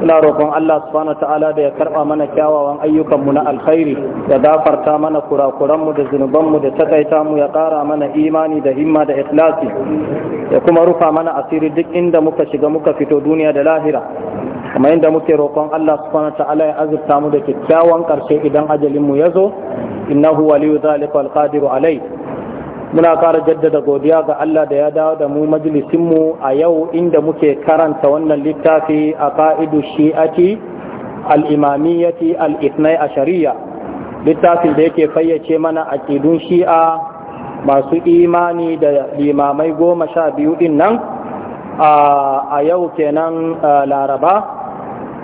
ina roƙon Allah subhanahu ta'ala da ya karɓa mana kyawawan ayyukanmu na alkhairi ya gafarta mana kurakuranmu da zunubanmu da takaita mu ya ƙara mana imani da himma da ikhlasi ya kuma rufa mana asiri duk inda muka shiga muka fito duniya da lahira kuma inda muke roƙon Allah subhanahu ta'ala ya azurta mu da kyakkyawan ƙarshe idan ajalin mu ya zo innahu waliyu zalika alqadiru alai muna kara jaddada godiya ga Allah da ya dawo da mu majalisinmu a yau inda muke karanta wannan littafi a ka'idu shi'ati al'imamiyyati al'ifnai a shari'a littafin da yake fayyace mana a ƙidun shi'a masu imani da limamai goma sha biyu ɗin nan a yau kenan laraba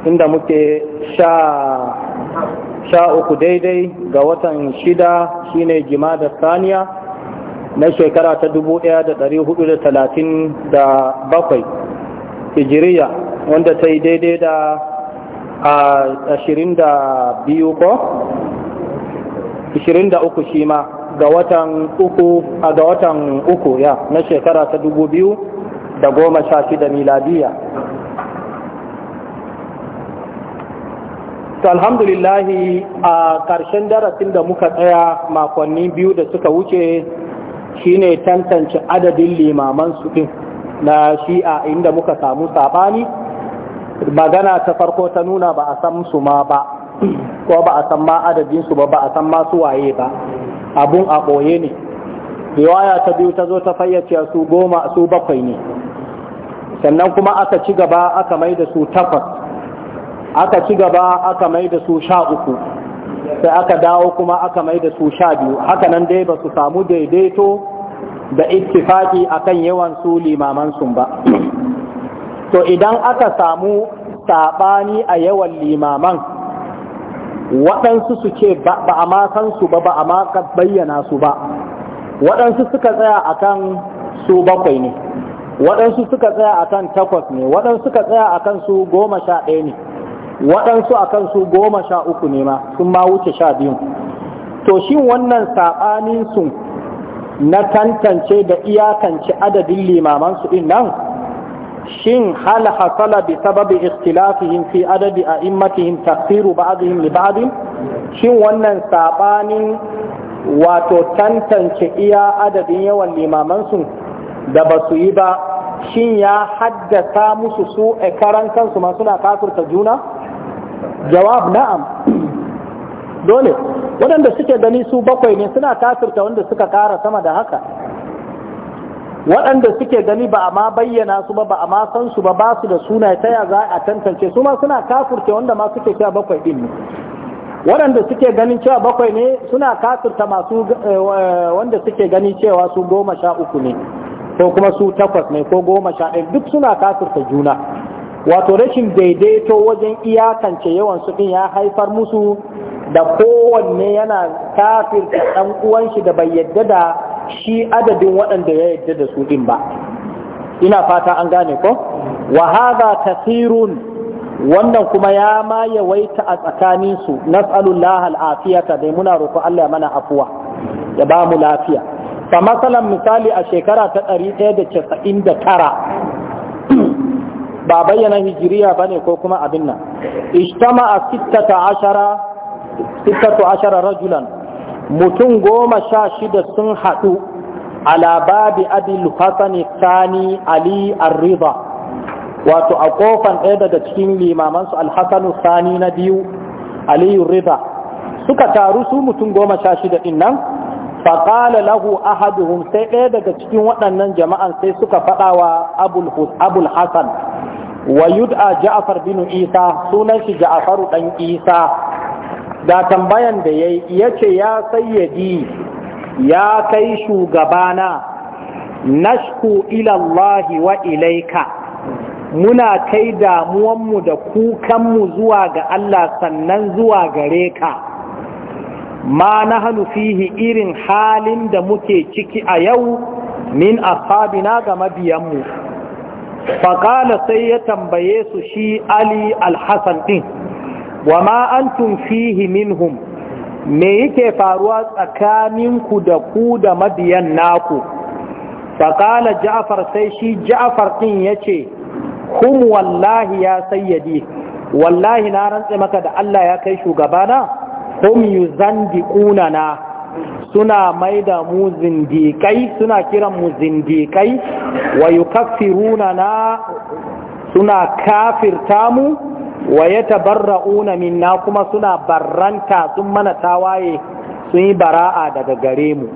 inda muke sha uku daidai ga watan shida shine jima da saniya na shekara ta 1437 hijiriya wanda ta yi daidai da a biyu ko 23 shi ma ga watan uku a ga watan uku ya na shekara ta 2016 miladiya to alhamdulillahi a ƙarshen darasin da muka tsaya makonni biyu da suka wuce shine tantance adadin limaman su din na shi'a inda muka samu sabani magana ta farko ta nuna ba a san su ma ba ko ba a san ma adadin su ba ba a san ma su waye ba abun a ɓoye ne riwaya ta biyu ta zo ta fayyace su goma su bakwai ne sannan kuma aka ci gaba aka mai da su takwas aka ci gaba aka mai da su sha uku sai aka dawo kuma aka mai da su sha biyu haka nan dai ba su samu daidaito da ittifaki akan yawan su limaman sun ba to idan aka samu saɓani a yawan limaman waɗansu su ce ba a makan su ba ba a maka bayyana su ba waɗansu suka tsaya akan su bakwai ne waɗansu suka tsaya akan takwas ne waɗansu suka tsaya akan su goma sha ɗaya ne waɗansu akan su goma sha uku ne ma sun ma wuce sha biyu to shin wannan saɓanin sun na tantance da iyakance adadin limaman su din nan shin hal hasala bi sababi ikhtilafihim fi adadi a'immatihim tafsiru ba'dihim li ba'd shin wannan sabanin wato tantance iya adadin yawan limaman su da ba su yi ba shin ya haddasa musu su a karan kansu ma suna kafirta juna jawab na'am dole waɗanda suke gani su bakwai ne suna kafirta wanda suka ƙara sama da haka waɗanda suke gani ba a ma bayyana su ba ba a ma san su ba ba su da suna ta ya za a tantance su ma suna kafirta wanda ma suke cewa bakwai ɗin ne waɗanda suke ganin cewa bakwai ne suna kafirta masu eh, wanda suke gani cewa su goma sha uku ne ko kuma su takwas ne ko goma sha ɗaya duk suna kafirta juna wato rashin daidaito wajen iyakance yawan su ya haifar musu da kowanne yana kafirta ɗan uwanshi da bai yadda da shi adadin waɗanda ya yadda da su ɗin ba ina fata an gane ko wa hadha kathirun wannan kuma ya ma yawaita a tsakanin su nas'alullah al'afiyata dai muna roƙo Allah ya mana afuwa ya ba mu lafiya fa masalan misali a shekara ta 199 ba bayyana hijiriya ba ne ko kuma abin nan ishtama a sittatu ashara rajulan mutum goma sha shida sun haɗu ala babi abil hasani sani ali arriba wato a kofan ɗaya daga cikin limamansu alhassanu sani na biyu aliyu rida suka taru su mutum goma sha shida ɗin nan faƙala lahu ahaduhum sai ɗaya daga cikin waɗannan jama'an sai suka faɗa wa abul hasan wa yud'a ja'far bin isa sunan shi ja'faru ɗan isa da tambayan da yayi yace ya sayyidi ya kai shugabana nashku ila wa'ilai ka. muna kai damuwanmu da kukanmu zuwa ga Allah sannan zuwa gare ka ma nahnu fihi irin halin da muke ciki a yau min ashabina ga mabiyanmu faƙala sai ya tambaye su shi ali alhassan ɗin wa ma antum fihi minhum me yake faruwa tsakaninku da ku da mabiyan naku faƙala ja'afar sai shi Jafar ɗin ya ce hum wallahi ya sayyadi wallahi na rantse maka da Allah ya kai shugabana hum yuzandiquna na suna maida mu zindikai suna kiran mu zindikai wa yukaffiruna na suna kafirta mu wa yatabarra'una minna kuma suna barranta sun mana tawaye sun yi bara'a daga gare mu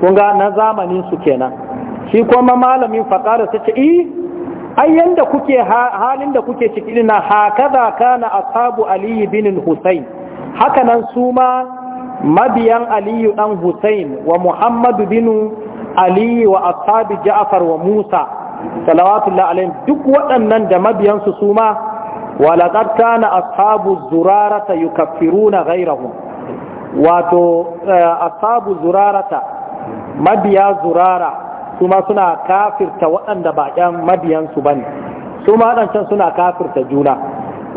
kunga na zamanin su kenan shi kuma malamin faƙara ta ce eh, ai yanda kuke halin da kuke ciki na hakaza kana ashabu ali bin husayn haka nan su ma mabiyan aliyu dan hussein wa muhammadu Bin aliyu wa ashabi ja'far wa musa salawatullah alaihim duk waɗannan da mabiyansu su ma walaƙar kana ashabu zurarata yukaffiruna ghairahum wato eh, ashabu zurarata mabiya zurara su ma suna kafirta waɗanda ba ƴan mabiyansu bane su ma waɗancan suna kafirta juna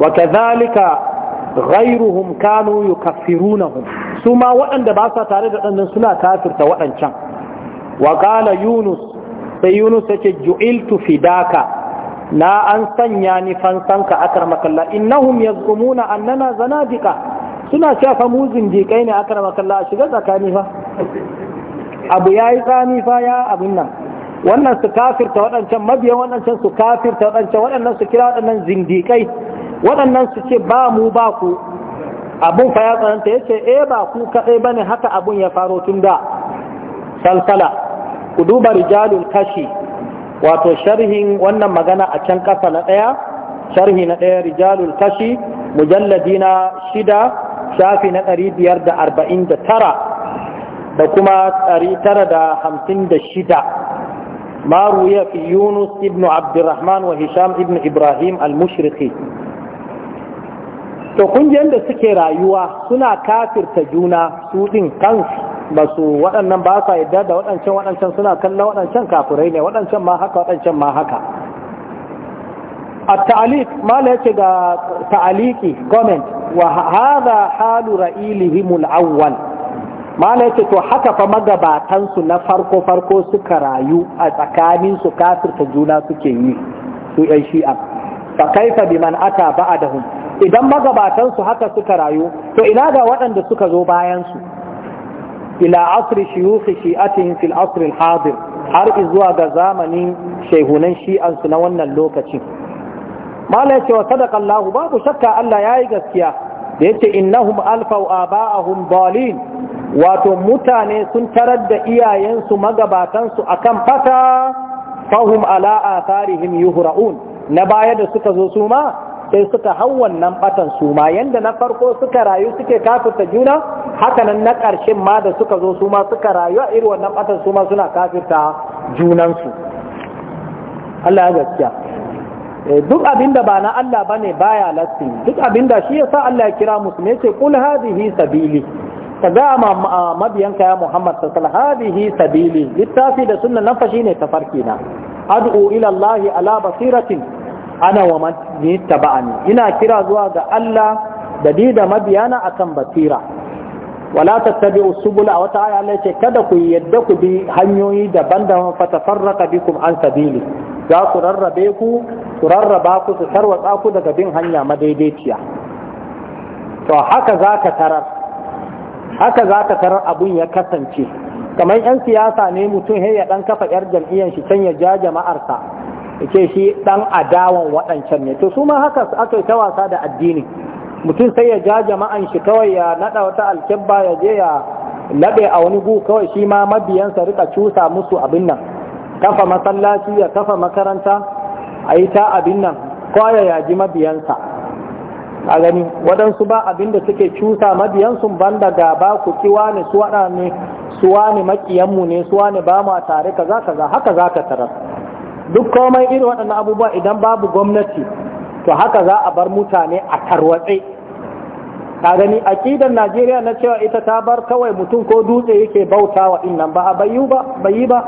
wa kadhalika ghairuhum kanu yukaffirunahum su ma waɗanda ba sa tare da ɗannan suna kafirta waɗancan wa qala yunus sai yunus yace ju'iltu fidaka na an sanya ni fansanka a akramakallah innahum yazkumuna annana zanadika suna cewa fa mu zindiƙai ne akramakallah a shiga tsakani fa abu yayi tsani fa ya abin nan wannan su kafirta waɗancan mabiyan waɗancan su kafirta waɗancan waɗannan su kira waɗannan zindiƙai waɗannan su ce ba mu ba ku abun fa ya tsananta ya ce e ba ku kaɗai ba ne haka abun ya faro tun da salsala ku duba rijalul kashi wato sharhin wannan magana a can ƙasa na ɗaya sharhi na ɗaya rijalul kashi mujalladi na shida shafi na ɗari biyar da arba'in da tara da kuma ɗari tara da hamsin da shida ما fi yunus ibnu ابن wa الرحمن ibnu ibrahim al المشرقي to kungiyar da suke rayuwa suna kafirta juna su din kansu ba su waɗannan ba sa yadda da waɗancan waɗancan suna kallon waɗancan kafirai ne waɗancan ma haka waɗancan ma haka a ta'alik la yace ga ta'aliki comment wa hadha halu ra'ilihim al-awwal la yace to haka fa magabatan su na farko farko suka rayu a tsakanin su kafirta juna suke yi su ai shi'a fa kaifa biman ata ba'dahum idan magabatansu haka suka rayu to ina ga waɗanda suka zo bayansu ila asri shiyufi shi'atihim fil asri hadir har zuwa ga zamanin shehunan shi'ansu na wannan lokacin mala yace wa sadaqa Allah babu shakka Allah yayi gaskiya da yace innahum alfau aba'ahum dalin wato mutane sun tarar da iyayensu magabatansu akan fata fahum ala atharihim yuhra'un na baya da suka zo su ma sai suka hau wannan batan su ma yanda na farko suka rayu suke kafirta juna haka nan na ƙarshen ma da suka zo su ma suka rayu a irin wannan batan su ma suna kafirta junansu Allah ya gaskiya eh, duk abinda ba na Allah bane baya lasti duk abinda shi yasa Allah ya kira musulmi yace kul hadhihi sabili ka ga mabiyanka ya Muhammad sallallahu hadhihi sabili littafi da sunna nan fa shine tafarki na ad'u ila Allah ala basiratin ana wa man ni ina kira zuwa ga Allah da ni da mabiyana akan basira wala usubula a wata aya Allah ce kada ku yadda ku bi hanyoyi daban-daban fa tafarraqa bikum an sabili za ku rarrabe ku ku rarraba ku su tarwatsa ku daga bin hanya madaidaiciya to haka zaka tarar haka zaka tarar abun ya kasance kamar yan siyasa ne mutum ya dan kafa yar jam'iyyar shi can ya ja jama'arsa ce shi dan adawan waɗancan ne to su ma haka aka yi ta wasa da addini mutum sai ya ja jama'an shi kawai ya naɗa wata alkebba ya je ya laɓe a wani gu kawai shi ma mabiyansa rika cusa musu abin nan kafa masallaci ya kafa makaranta a yi ta abin nan kwaya ji mabiyansa a gani waɗansu ba abin da suke cusa mabiyansu ban da gaba ku kiwa ne su waɗa su wani makiyanmu ne su wani ba mu a tare kaza kaza haka za ka tarar duk komai irin waɗannan abubuwa idan babu gwamnati to haka za a bar mutane a tarwatse ka gani aƙidar najeriya na cewa ita ta bar kawai mutum ko dutse yake bauta wa innan ba a bayi ba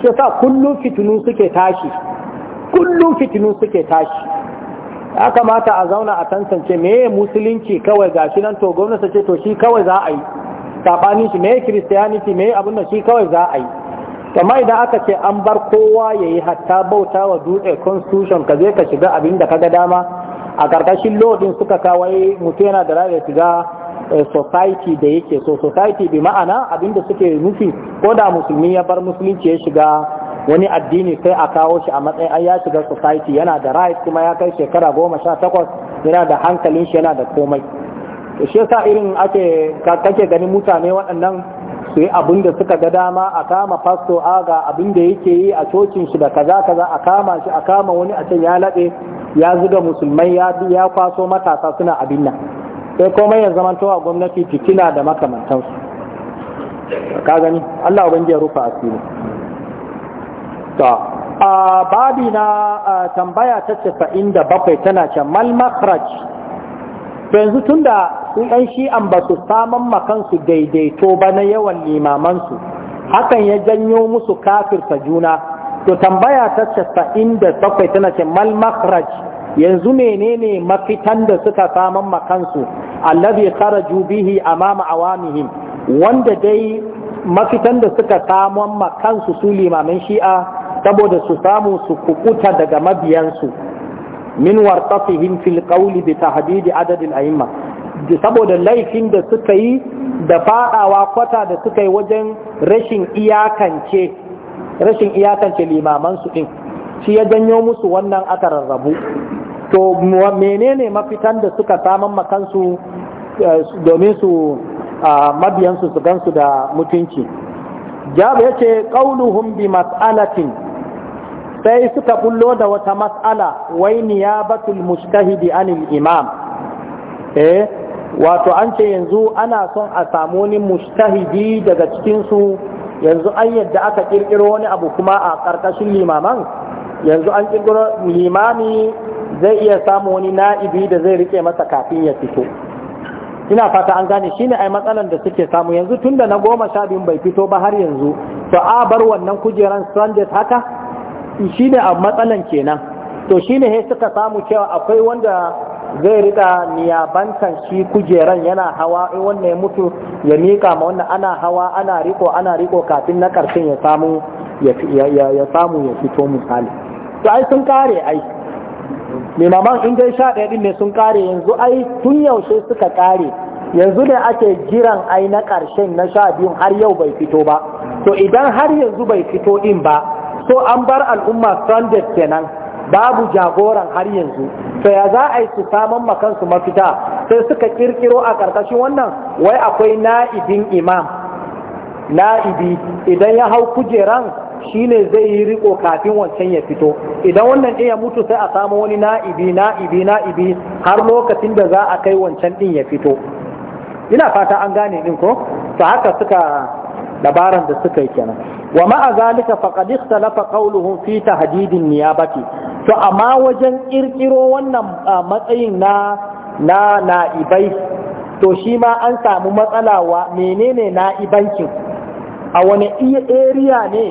shi sa kullum fitinu suke tashi kullum fitinu suke tashi ya kamata a zauna a tantance me musulunci kawai ga shi nan to gwamnati ce to shi kawai za a yi saɓanin shi me kiristiyaniti me abin da shi kawai za a yi amma idan aka ce an bar kowa ya yi hatta bauta wa dutse constitution ka zai ka shiga abin da kaga dama a karkashin lodin suka kawai mutu yana da rayuwa shiga eh, society da yake so society bi ma'ana abin da suke nufi ko da musulmi ya bar musulunci ya shiga wani addini sai a kawo shi a matsayin ya shiga society yana da right kuma ya kai shekara goma sha takwas yana da hankalin shi yana da komai to shi yasa irin ake kake ganin mutane waɗannan su yi abin da suka ga dama a kama fasto aga abin da yake yi a cocin shi da kaza kaza a kama shi a kama wani a can ya laɓe ya zuga musulmai ya ya kwaso matasa suna abin nan sai komai ya zama towa gwamnati fitina da makamantansu ka gani Allah ya ya rufa asiri to a babi na tambaya ta 97 tana can mal makhraj to yanzu tunda su ɗan shi'an ba su saman makansu daidaito ba na yawan limamansu hakan ya janyo musu kafirta juna to tambaya ta casa'in da bakwai tana ce mal makraj yanzu menene mafitan da suka saman makansu allazi kharaju bihi amama awamihim wanda dai mafitan da suka saman makansu su limamin shi'a saboda su samu su kukuta daga mabiyansu min wartafihim fil qawli bi tahdid adad al a'imma saboda laifin da suka yi da fadawa kwata da suka yi wajen rashin iyakance rashin iyakance limaman su din shi ya janyo musu wannan aka rarrabu to menene mafitan da suka saman makansu eh, domin su ah, mabiyansu su gansu da mutunci jabe yace ce ƙauluhun bi mas'alatin sai suka bullo da wata matsala, wai niyabatul mujtahidi anil imam eh wato an ce yanzu ana son a samu ni mustahidi daga cikin su yanzu an yadda aka kirkiro wani abu kuma a karkashin limaman yanzu an kirkiro limami zai iya samu wani na'ibi da zai rike masa kafin ya fito ina fata an gane shine ai matsalan da suke samu yanzu tunda na goma sha biyun bai fito ba har yanzu to a bar wannan kujeran standard haka shi ne a matsalan kenan to shi ne suka samu cewa akwai wanda zai rika niyabantan shi kujeran yana hawa in wannan ya mutu ya mika ma wannan ana hawa ana riko ana riko kafin na karshen ya samu ya samu ya fito misali to ai sun kare ai limaman in dai sha ɗaya ɗin ne sun kare yanzu ai tun yaushe suka kare yanzu ne ake jiran ai na karshen na sha biyun har yau bai fito ba to idan har yanzu bai fito ɗin ba so an bar al'umma stranded kenan babu jagoran har yanzu to ya za a yi su saman makansu mafita sai suka kirkiro a ƙarƙashin wannan wai akwai na'ibin imam na'ibi idan ya hau kujeran shine zai yi riko kafin wancan ya fito idan wannan ɗin ya mutu sai a samu wani na'ibi na'ibi na'ibi har lokacin da za a kai wancan ɗin ya fito ina fata an gane ɗin ko to haka suka dabaran da suka yi kenan wa ma'a zalika faqad ikhtalafa qawluhum fi tahdidin niyabati to amma wajen kirkiro wannan matsayin na na na'ibai to shi ma an samu matsala wa menene na'ibancin a wani area ne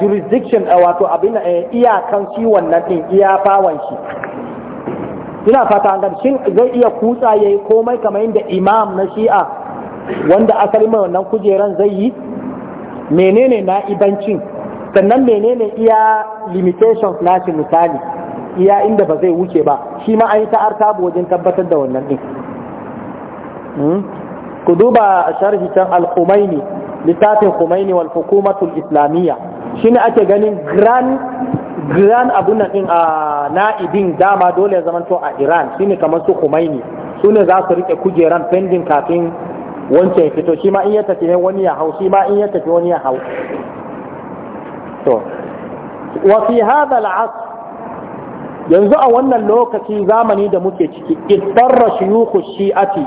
jurisdiction wato abin iyakan shi wannan din iya bawan shi ina fata an shin zai iya kutsa yayi komai kamar yadda imam na shi'a wanda asali mai wannan kujeran zai yi menene ibancin sannan menene iya limitations nashi misali iya inda ba zai wuce ba shi ma an yi ta'ar tabo wajen tabbatar da wannan din hmm? ku duba sharhi can al-Khumaini littafin Khumaini wal hukumatul islamiyya shine ake ganin grand grand abun nan din a na'ibin dama dole ya zamanto a Iran shine kamar su Khumaini su ne za su rike kujeran pending kafin wancan ya fito shi ma in ya tafi ne wani ya hau shi ma in ya tafi wani ya hau to wa fi hadha al'as yanzu a wannan lokaci zamani da muke ciki iddarra shuyukhu shi'ati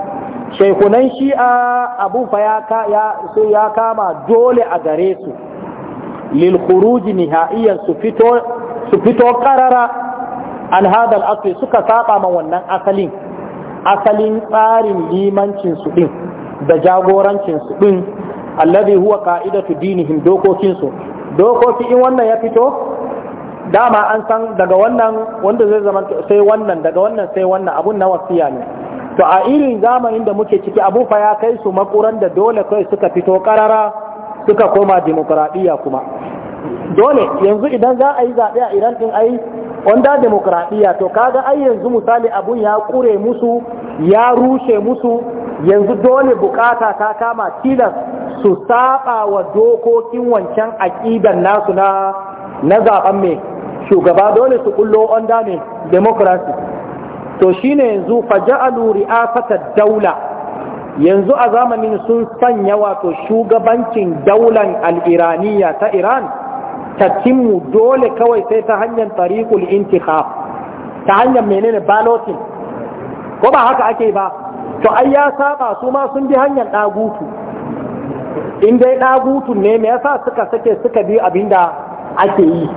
shaykhunan shi'a abu fa ya ya so ya kama dole a gare su lil khuruj nihaiyan su fito su fito qarara an hada al'as suka saba ma wannan asalin asalin tsarin limancin su din da jagorancinsu ɗin allazi huwa ka'idatu dinihim dokokinsu dokoki in wannan ya fito dama an san daga wannan wanda zai zama sai wannan daga wannan sai wannan abun na wasiya ne to a irin zamanin da muke ciki abu fa ya kai su makuran da dole kai suka fito karara suka koma demokradiya kuma dole yanzu idan za a yi zaɓe a iran din ai wanda demokradiya to kaga ai yanzu misali abun ya kure musu ya rushe musu yanzu dole bukata ta kama tilas su saba wa dokokin wancan aƙidan nasu na na zaben me shugaba dole su kullo onda ne democracy to shine yanzu faja'alu ri'asata daula yanzu a zamanin sun sanya wato shugabancin daulan al'iraniya ta iran timu dole kawai sai ta hanyar tariqul intikhab ta hanyar menene balloting ko ba haka ake ba to ai ya saba su ma sun bi hanyar ɗagutu in dai ɗagutu ne me yasa suka sake suka bi abinda ake yi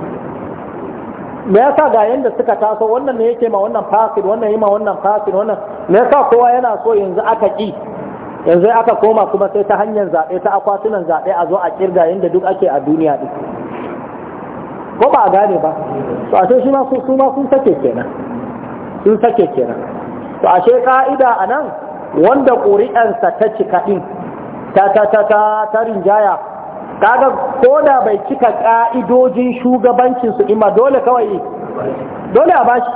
me yasa ga yanda suka taso wannan ne yake ma wannan fasid wannan yi ma wannan fasid wannan me yasa kowa yana so yanzu aka ki yanzu aka koma kuma sai ta hanyar zaɓe ta akwatunan zaɓe a zo a kirga yanda duk ake a duniya ɗin ko ba a gane ba to a shi ma su ma sun sake kenan sun sake kenan to ashe ka'ida a nan wanda ƙuri'ansa ta cika ɗin ta ta ta ta ta rinjaya kaga ko da bai cika ƙa'idojin shugabancinsu in ima dole kawai dole a bashi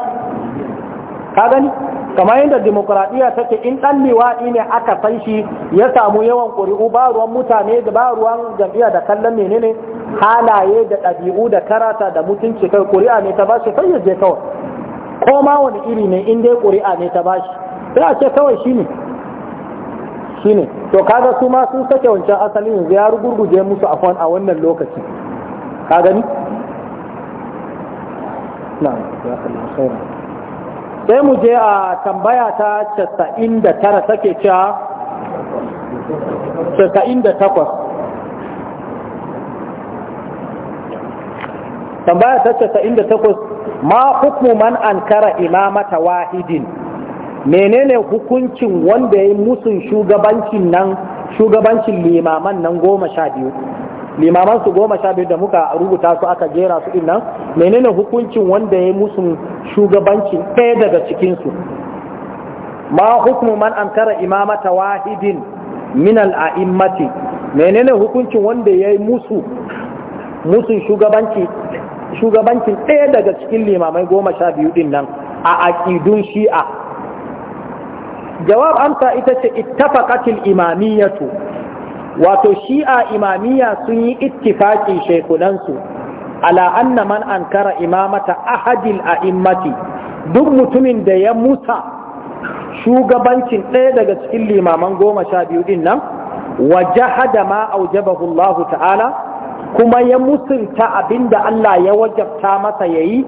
ka gani kamar yadda demokuraɗiyya take in ɗan liwaɗi ne aka san shi ya samu yawan ƙuri'u ba ruwan mutane da ba ruwan jam'iyya da kallon menene halaye da ɗabi'u da karata da mutunci kai ƙuri'a ne ta shi kai ya je kawai ko ma wani iri ne in dai ƙuri'a ne ta bashi sai a ce kawai shi ne shi ne to kaga su ma sun sake wancan asalin yanzu ya rugurguje musu a wannan lokaci ka gani sai mu je a tambaya ta 99 take cewa 98 tambaya ta takwas. ma man ankara imamata wahidin menene hukuncin wanda ya yi musun shugabancin nan shugabancin limaman nan goma sha biyu limaman su goma sha biyu da muka rubuta su aka jera su din nan menene hukuncin wanda ya yi musun shugabancin ɗaya daga cikinsu ma hukmu man ankara imamata wahidin min al'a'immati menene hukuncin wanda ya yi musu musun shugabanci shugabancin ɗaya daga cikin limamai goma sha biyu ɗin nan a aƙidun shi'a jawab amsa ita ce ittafaqatil imamiyatu wato shi'a imamiyya sun yi ittifaqi shekunansu ala anna man ankara imamata a a'immati duk mutumin da ya musa shugabancin ɗaya daga cikin limaman goma sha biyu ɗin nan wa jahada ma aujabahu Allah ta'ala kuma ya musulta abinda Allah ya wajabta masa ya yi.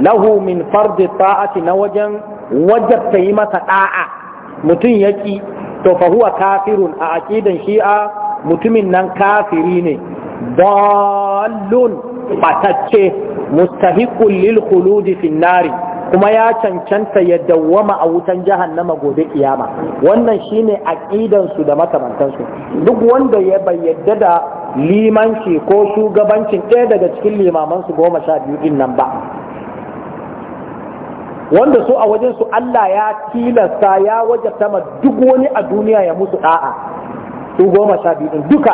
lahu min fardi ta'ati na wajen wajabta yi masa ɗa'a. mutum ya yaki to fa kafirun a aqidan shi'a mutumin nan kafiri ne dallun batacce mustahiqul lil khuludi fin nari kuma ya cancanta ya dawwama a wutan jahannama gobe kiyama wannan shine aqidan su da makamantansu duk wanda ya bayyada da limanci ko shugabancin ɗaya daga cikin limamansu goma sha biyu din nan ba wanda su a wajen su Allah ya tilasta ya waje sama duk wani a duniya ya musu ɗa'a su goma sha biyu din duka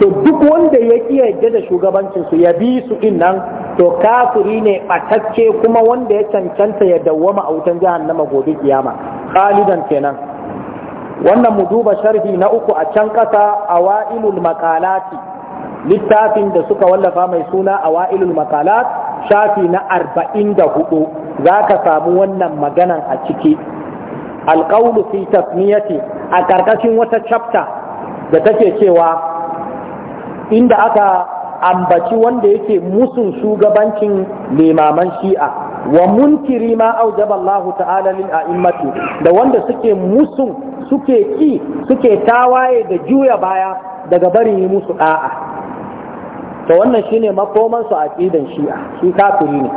to duk wanda ya ƙi yarda da shugabancin su ya bi su din nan to kafiri ne ɓatacce kuma wanda ya cancanta ya dawwama a wutan jihar nama gobe kiyama khalidan kenan wannan mu duba sharhi na uku a can ƙasa awailul makalati littafin da suka wallafa mai suna awailul makalat shafi na arba'in da hudu za ka samu wannan maganan a ciki alƙaunu fi tasmiyati a ƙarƙashin wata chapter da take cewa inda aka ambaci wanda yake musun shugabancin limaman shi'a wa munkiri ma aujaba Allah ta'ala lil a'immati da wanda suke musun suke ki suke tawaye da juya baya daga bari musu da'a to wannan shine makoman su aqidan shi'a shi kafiri ne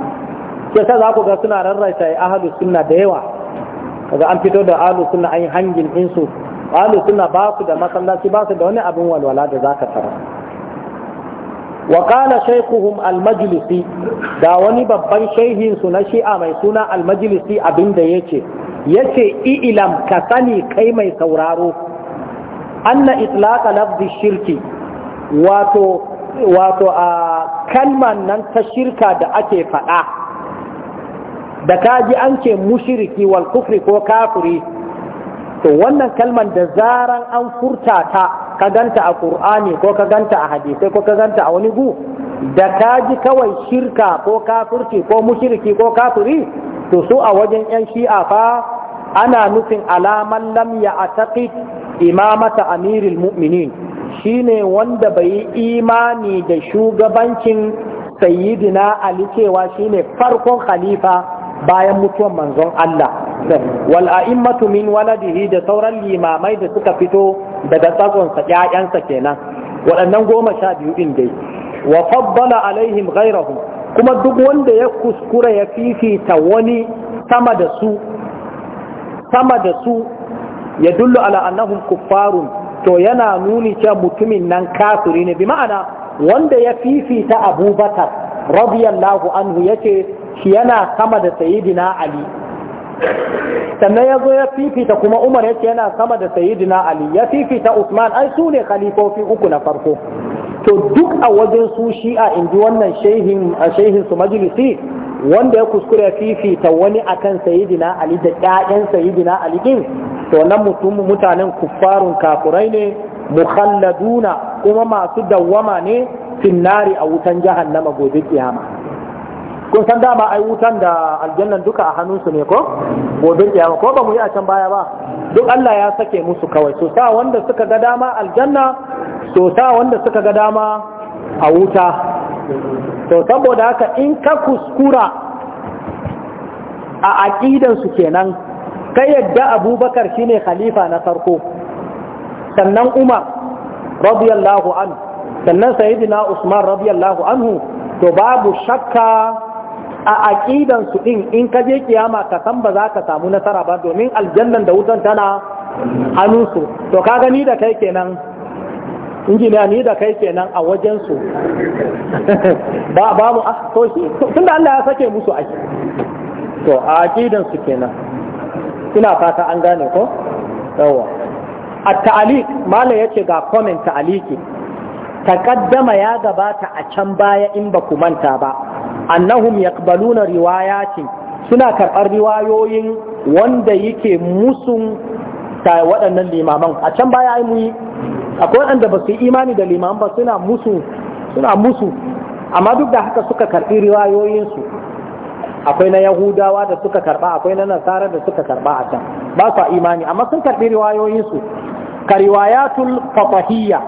sai sa za ga suna rarraita ahlus sunna da yawa kaga an fito da ahlus sunna an hangin insu ahlus sunna ba su da masallaci ba su da wani abin walwala da zaka tara. wa qala almajilisi, al da wani babban shaihin su na shi'a mai suna almajilisi majlisi abinda yace yace i'ilam ka sani kai mai sauraro anna itlaqa lafzi shirki wato wato a kalman nan ta shirka da ake faɗa da kaji anke ce mushiriki wal kufri ko kafiri to wannan kalman da zaran an furta ta ka ganta a ƙur'ani ko ka ganta a hadisai ko ka ganta a wani gu da ka ji kawai shirka ko kafirci ko mushirki ko kafiri to su a wajen yan shi'a fa ana nufin alaman lam ya taƙi imamata amiril mu'minin shine wanda bai yi imani da shugabancin sayyidina ali cewa shine farkon khalifa bayan mutuwan manzon Allah wal a'immatu min waladihi da sauran limamai da suka fito daga tsakonsa ƴaƴansa kenan waɗannan goma sha biyu ɗin dai wa faddala alaihim ghairahum kuma duk wanda ya kuskura ya fifita wani sama da su sama da su ya dullu ala annahum kuffarun to yana nuni cewa mutumin nan kafiri ne bi ma'ana wanda ya fifita abubakar radiyallahu anhu yace shi yana sama da sayidina ali sannan ya zo ya fifita kuma umar ya ce yana sama da sayidina ali ya fifita usman ai su ne khalifofi uku na farko to duk a wajen su shi'a in ji wannan shehin su majalisi wanda ya kuskure ya fifita wani akan sayidina ali da ƴaƴan sayidina ali din to nan mutum mutanen kuffarun kafurai ne mukhalladuna kuma masu dawwama ne finnari a wutan nama gobe kiyama kun san dama ai wutan da aljannan duka a hannunsu ne ko gobin kiyama ko ba mu yi a can baya ba duk Allah ya sake musu kawai so sa wanda suka ga dama aljanna so wanda suka ga dama a wuta to saboda haka in ka kuskura a aqidan su kenan kai yadda Abubakar shine khalifa na farko sannan Umar radiyallahu anhu sannan sayyidina Usman radiyallahu anhu to babu shakka a aqidan su din in ka je kiyama ka san ba za ka samu nasara ba domin aljannan da wutan tana hannun su to ka gani da kai kenan injiniya ni da kai kenan a wajen su ba ba mu a ah, to shi tunda Allah ya sake musu aiki. to a aqidan su kenan ina fata an gane ko yawa at ta'aliq malam yace ga comment ta'aliki taqaddama ya gabata a can baya in ba ku manta ba annahum yaqbaluna riwayatin suna karɓar riwayoyin wanda yake musun ta waɗannan limaman a can baya ai muyi akwai wanda ba su imani da limaman ba suna musu suna musu amma duk da haka suka karɓi riwayoyinsu akwai na yahudawa da suka karɓa akwai na nasara da suka karɓa a can ba su imani amma sun karɓi riwayoyinsu ka riwayatul fatahiyya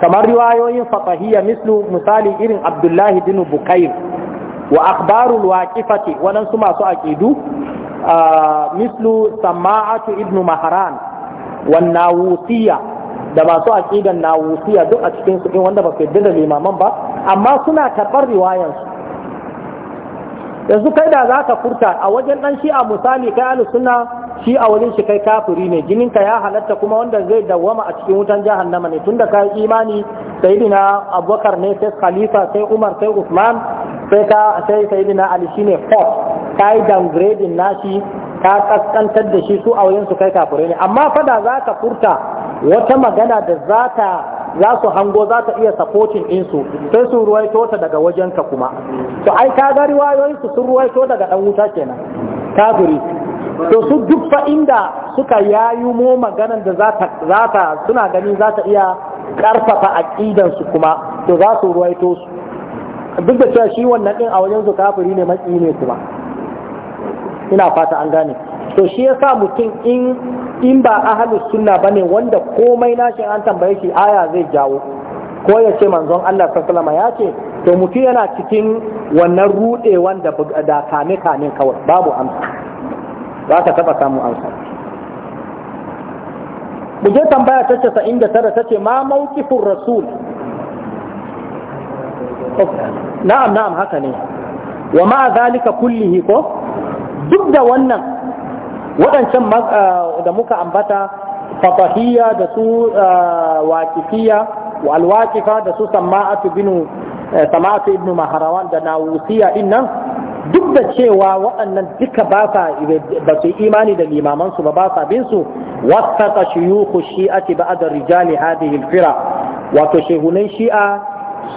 kamar riwayoyin fatahiyya mislu misali irin abdullahi bin bukair wa akhbarul waqifati wannan su masu aqidu mislu sama'atu ibnu mahran wan nawusiya da masu aqidan nawusiya duk a cikin su wanda ba su yadda da limaman ba amma suna karɓar riwayansu yanzu kai da za ka furta a wajen ɗan shi a misali kai alu suna shi a wajen shi kai kafiri ne jinin ka ya halatta kuma wanda zai dawwama a cikin wutan jahannama ne tunda ka imani sayyidina abubakar ne sai khalifa sai umar sai usman sai ka sai sayyidina ali shine fourth kai dangredin nashi ka kaskantar da shi su a wajen su kai kafiri ne amma fa za ka furta wata magana da za ta za su hango za ta iya sapotin insu sai su ruwaito ta daga wajenka kuma to ai ka ga riwayoyin su sun ruwaito daga dan wuta kenan kafiri to su duk fa inda suka yayu mu maganan da za ta za ta suna gani za ta iya karfafa aqidan su kuma to za su ruwaito su duk da cewa shi wannan din a wajen su kafiri ne maki ne kuma ina fata an gane to shi yasa mutum in in ba ahalus sunna bane wanda komai nashi an tambaye shi aya zai jawo ko ya ce manzon Allah sallama ya ce to mutum yana cikin wannan rude wanda da kame kame kawai babu amsa za ka taba samu amsa mu je tambaya ta ta tace ma mawqifur rasul na'am na'am haka ne wa ma zalika kullihi ko duk da wannan waɗancan da muka ambata fatahiyya da su waƙifiyya alwaƙifa da su sama'atu binu sama'atu ibnu maharawan da nawusiya din nan duk da cewa waɗannan duka ba sa ba su imani da limamansu ba ba sa bin su wasaqa shuyukhu shi'ati ba'd rijali hadhihi al-fira wato shehunan shi'a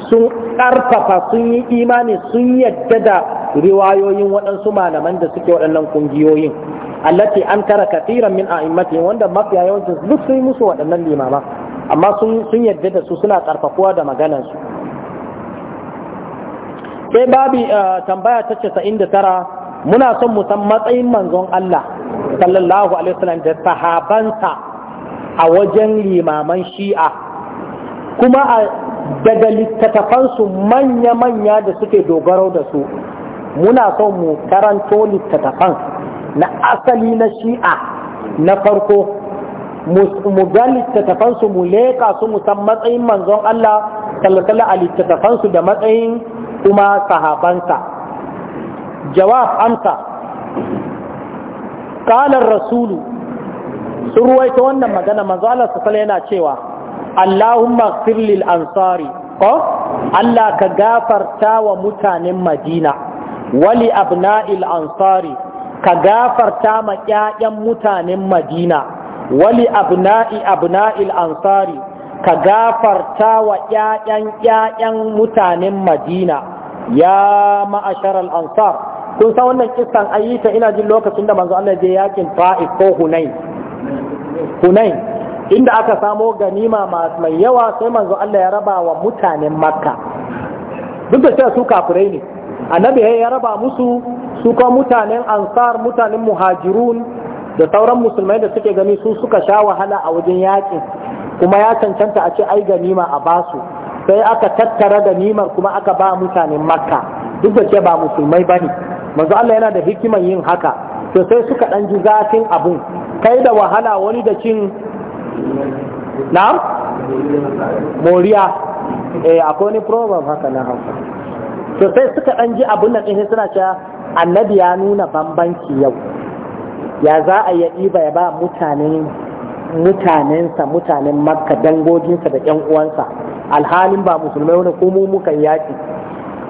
sun ƙarfafa sun yi imani sun yadda da riwayoyin waɗansu malaman da suke waɗannan kungiyoyin allati an tara katiran min a'immati wanda mafiya yawancin duk sun musu waɗannan limaman amma sun yadda da su suna karfafuwa da su sai babi eh, tambaya ta casa'in da tara muna son mu san matsayin manzon Allah sallallahu alaihi wasallam da sahabansa a wajen limaman shi'a kuma a daga littattafansu manya-manya da suke dogaro da su muna son mu karanto littattafan na asali na shi'a na farko mu ga littattafansu, su mu leƙa su san matsayin manzon Allah sallallahu a littattafansu da matsayin kuma sahabansa jawab amsa qala rasulu sun ruwaita wannan magana manzon Allah sallallahu yana cewa Allahumma ighfir ansari ko Allah ka gafarta wa mutanen Madina wali abna'il ansari ka gafarta ma ƴaƴan mutanen madina wali abna'i abna'il ansari ka gafarta wa ƴaƴan ƴaƴan mutanen madina ya ma'ashar al-ansar kun san wannan kissan ayyuka ina jin lokacin da manzo Allah je yakin Fai ko Hunain Hunain inda aka samo ganima mai yawa sai manzo Allah ya raba wa mutanen Makka duk da cewa su kafirai ne annabi ya raba musu su kuma mutanen ansar mutanen muhajirun da sauran musulmai da suke gani su suka sha wahala a wajen yakin kuma ya cancanta a ce ai ganima a basu sai aka tattara ganimar kuma aka ba mutanen makka duk da ce ba musulmai bane manzo Allah yana da hikimar yin haka to sai suka dan ji zafin abun kai da wahala wani da cin na'am moriya eh akwai ni problem haka na hausa to sai suka ɗan ji abun nan ɗin suna cewa annabi ya nuna bambanci yau ya za a yi ɗiba ya ba mutanen mutanensa mutanen makka dangoginsa da ƴan uwansa alhalin ba musulmai wani kuma muka yaƙi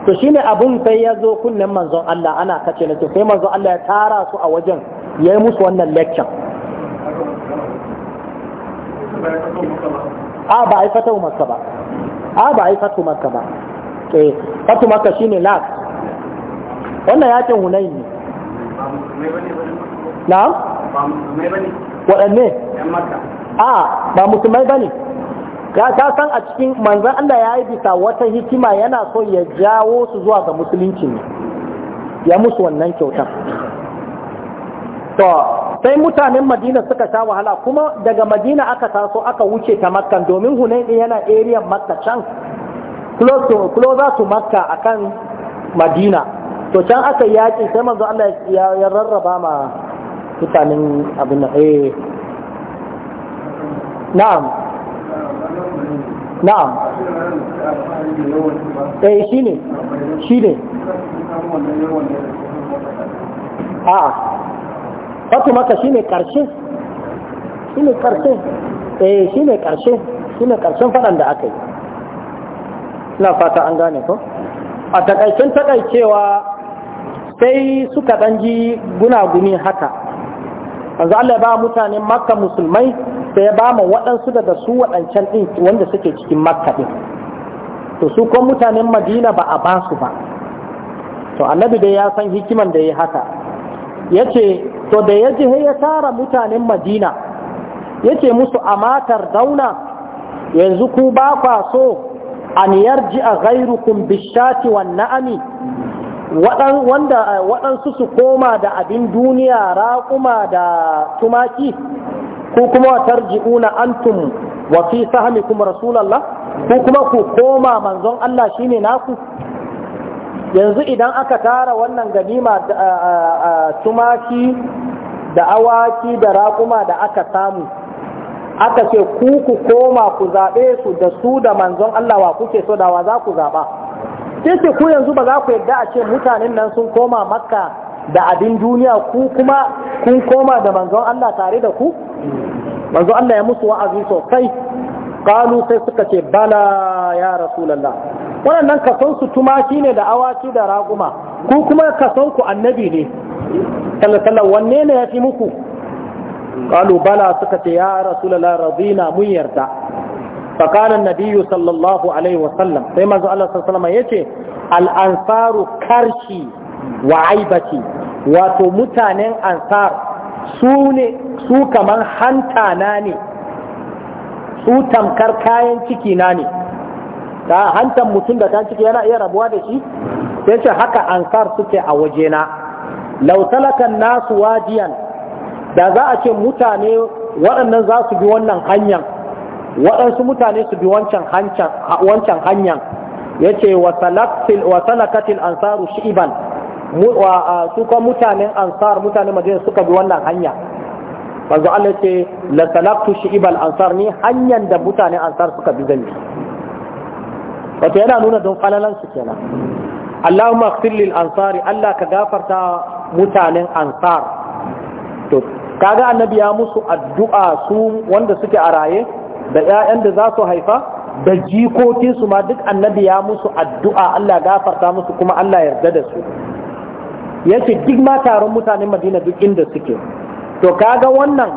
to shine abun sai ya zo kunnen manzon Allah ana kace na to sai manzon Allah ya tara su a wajen ya yi musu wannan lecture a ba a yi fatawa maka ba a ba a yi fatawa maka ba Eh, fatu maka shine last wannan yakin hunayi ne na'am waɗanne a ba musulmai bane ya ta san a cikin manzan Allah ya yi bisa wata hikima yana so ya jawo su zuwa ga musulunci ne ya musu wannan kyautar sai mutanen madina suka sha wahala kuma daga madina aka taso aka wuce ta makka, domin hunain yana eriyan makka can closer to makka a kan madina to can aka yaƙi sai manzo Allah ya rarraba ma mutanen abin nan eh na'am na'am eh shine shine a'a fatu maka shine karshe shine karshe eh shine karshe shine karshen fadan da aka yi ina fata an gane ko a takaicen takaicewa sai suka ɗan ji gunaguni haka yanzu Allah ya ba mutanen makka musulmai sai ya ba mu waɗansu daga su waɗancan ɗin wanda suke cikin makka ɗin to su ko mutanen madina ba a ba su ba to annabi dai ya san hikiman da ya haka ya ce to da ya ji ya tara mutanen madina ya ce musu amatar dauna yanzu ku ba kwa so an yarji a ghairukum bishati wan na'ami waɗansu su koma da abin duniya raƙuma da tumaki ko kuma wa tarji'una antum wa fi sahmikum rasulallah? ko kuma ku koma manzon Allah shine naku yanzu idan aka tara wannan ganima tumaki da awaki da raƙuma da aka samu aka ce ku ku koma ku zaɓe su da su da manzon Allah wa kuke so da wa za ku zaɓa ke ku yanzu ba za ku yadda a ce mutanen nan sun koma makka da abin duniya ku kuma kun koma da manzon Allah tare da ku manzon Allah ya musu wa'azi sosai kalu sai suka ce bala ya rasulallah waɗannan kason su tumaki ne da awaki da raguma. ku kuma kason ku annabi ne sallallahu wanne ne ya fi muku Ƙalubala suka ce ya rasulullah radina mun yarda fa kana annabiyyu sallallahu alaihi wa sallam sai manzo Allah sallallahu alaihi yace al'ansaru ansaru karshi wa aibati wato mutanen ansar su ne su kaman hanta ne su tamkar kayan ciki na ne ta hantan mutum da kan ciki yana iya rabuwa da shi yace haka ansar suke a wajena law talaka nasu wajiyan. da za a ce mutane waɗannan za su bi wannan hanyar waɗansu mutane su bi wancan hanyar ya ce wa salakatil ansaru shi'iban su kan mutanen ansar mutane madina suka bi wannan hanya manzo Allah ce la salaktu shi'ibal ansar ni hanyar da mutanen ansar suka bi zan wato yana nuna don falalan su kenan Allahumma ighfir lil ansari Allah ka gafarta mutanen ansar to kaga annabi ya musu addu'a su wanda suke a raye da 'ya'yan da za su haifa da jikokin su ma duk annabi ya musu addu'a Allah gafarta musu kuma Allah yarda da su yace duk ma taron mutanen Madina duk inda suke to kaga wannan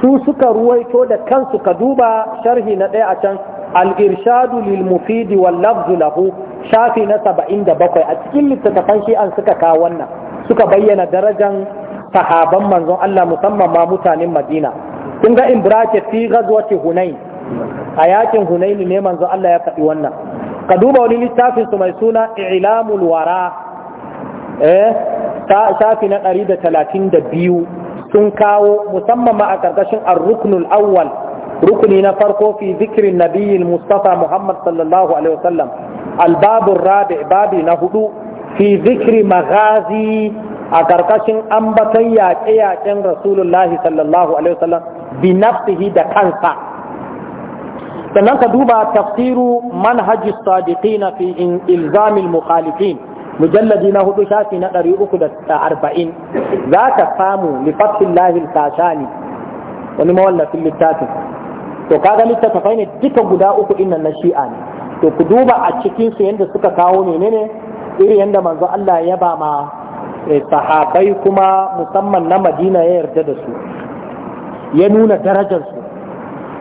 su suka ruwaito da kansu ka duba sharhi na ɗaya a can al-irshadu lil mufidi wal lafzu lahu shafi na 77 a cikin littattafan shi an suka kawo wannan suka bayyana darajan sahaban manzon Allah musamman ma mutanen Madina kun ga in bracket fi ghazwati Hunain a yakin Hunain ne manzon Allah ya faɗi wannan ka duba wani littafin su mai suna I'lamul Wara eh shafi na 132 sun kawo musamman ma a karkashin ar-ruknul awwal rukuni na farko fi zikrin nabiyil mustafa Muhammad sallallahu alaihi wasallam al-babu rabi babi na hudu fi zikri maghazi a karkashin ambaton yaƙe-yaƙen rasulullahi sallallahu alaihi wasallam bi nafsihi da kansa sannan ka duba tafsiru manhaji sadiqina fi in ilzamil mukhalifin mujalladi na hudu shafi na ɗari uku da arba'in za ka samu lifaffin lahil tashani, wani mawallafin littafin to kaga littattafai ne duka guda uku innan na shi'a ne to ku duba a cikin su yadda suka kawo menene iri yadda manzo Allah ya ba ma Eh, sahabai kuma musamman na madina ya yarda da su ya nuna darajarsu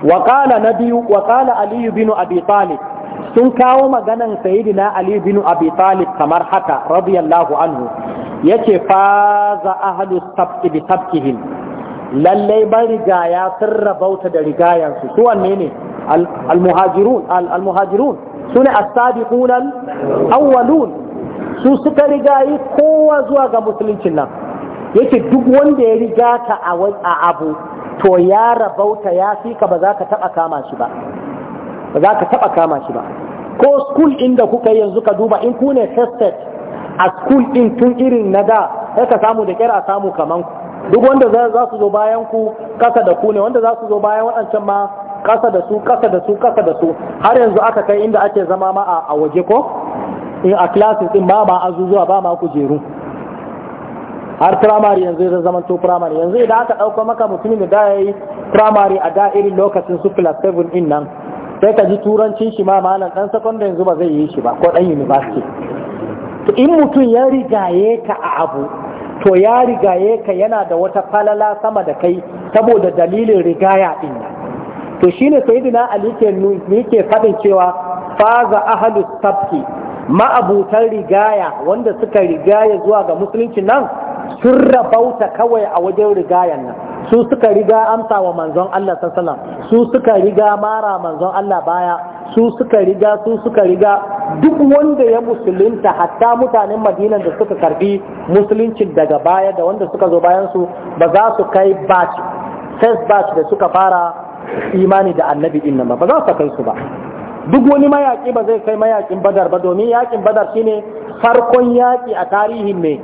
waƙala na biyu waƙala aliyu binu abi talib sun kawo maganan na aliyu binu abi talib kamar haka radiyallahu anhu ya ce faza ahlus tafki bi sabtihim lallai ba rigaya sun rabauta da rigayansu su wanne ne al-muhajirun al-muhajirun sune as-sabiqun awwalun su suka riga yi kowa zuwa ga musuluncin nan yake duk wanda ya riga ka a abu to ya rabauta ya fi ka ba za ka taɓa kama shi ba ba za ka taɓa kama shi ba ko school inda kuka yanzu ka duba in ku ne tested a school din tun irin na da sai ka samu da kira a samu kaman ku duk wanda za su zo bayan ku kasa da ku ne wanda za su zo bayan waɗancan ma kasa da su kasa da su kasa da su har yanzu aka kai inda ake zama ma a waje ko in a classes din ba ma azuzuwa ba ma kujeru har primary yanzu zai zama to primary yanzu idan aka ɗauko maka mutumin da ya yi primary a da'irin lokacin su plus 7 din nan sai ka ji turancin shi ma malam dan secondary yanzu ba zai yi shi ba ko dan university to in mutum ya rigaye ka a abu to ya rigaye ka yana da wata falala sama da kai saboda dalilin rigaya din to shine sayyidina ali ke yake faɗin cewa faza ahlus sabti ma'abutan rigaya wanda suka rigaya zuwa ga musulunci nan sun rabauta kawai a wajen rigayan nan su suka riga amsa wa manzon Allah sallallahu su suka riga mara manzon Allah baya su suka riga su suka riga duk wanda ya musulunta hatta mutanen madinan da suka karbi musulunci daga baya da wanda suka zo bayan su ba za su kai batch first batch da suka fara imani da annabi din nan ba ba za su kai su ba duk wani mayaƙi ba zai kai mayaƙin badar ba domin yaƙin badar shine farkon yaƙi a tarihin mai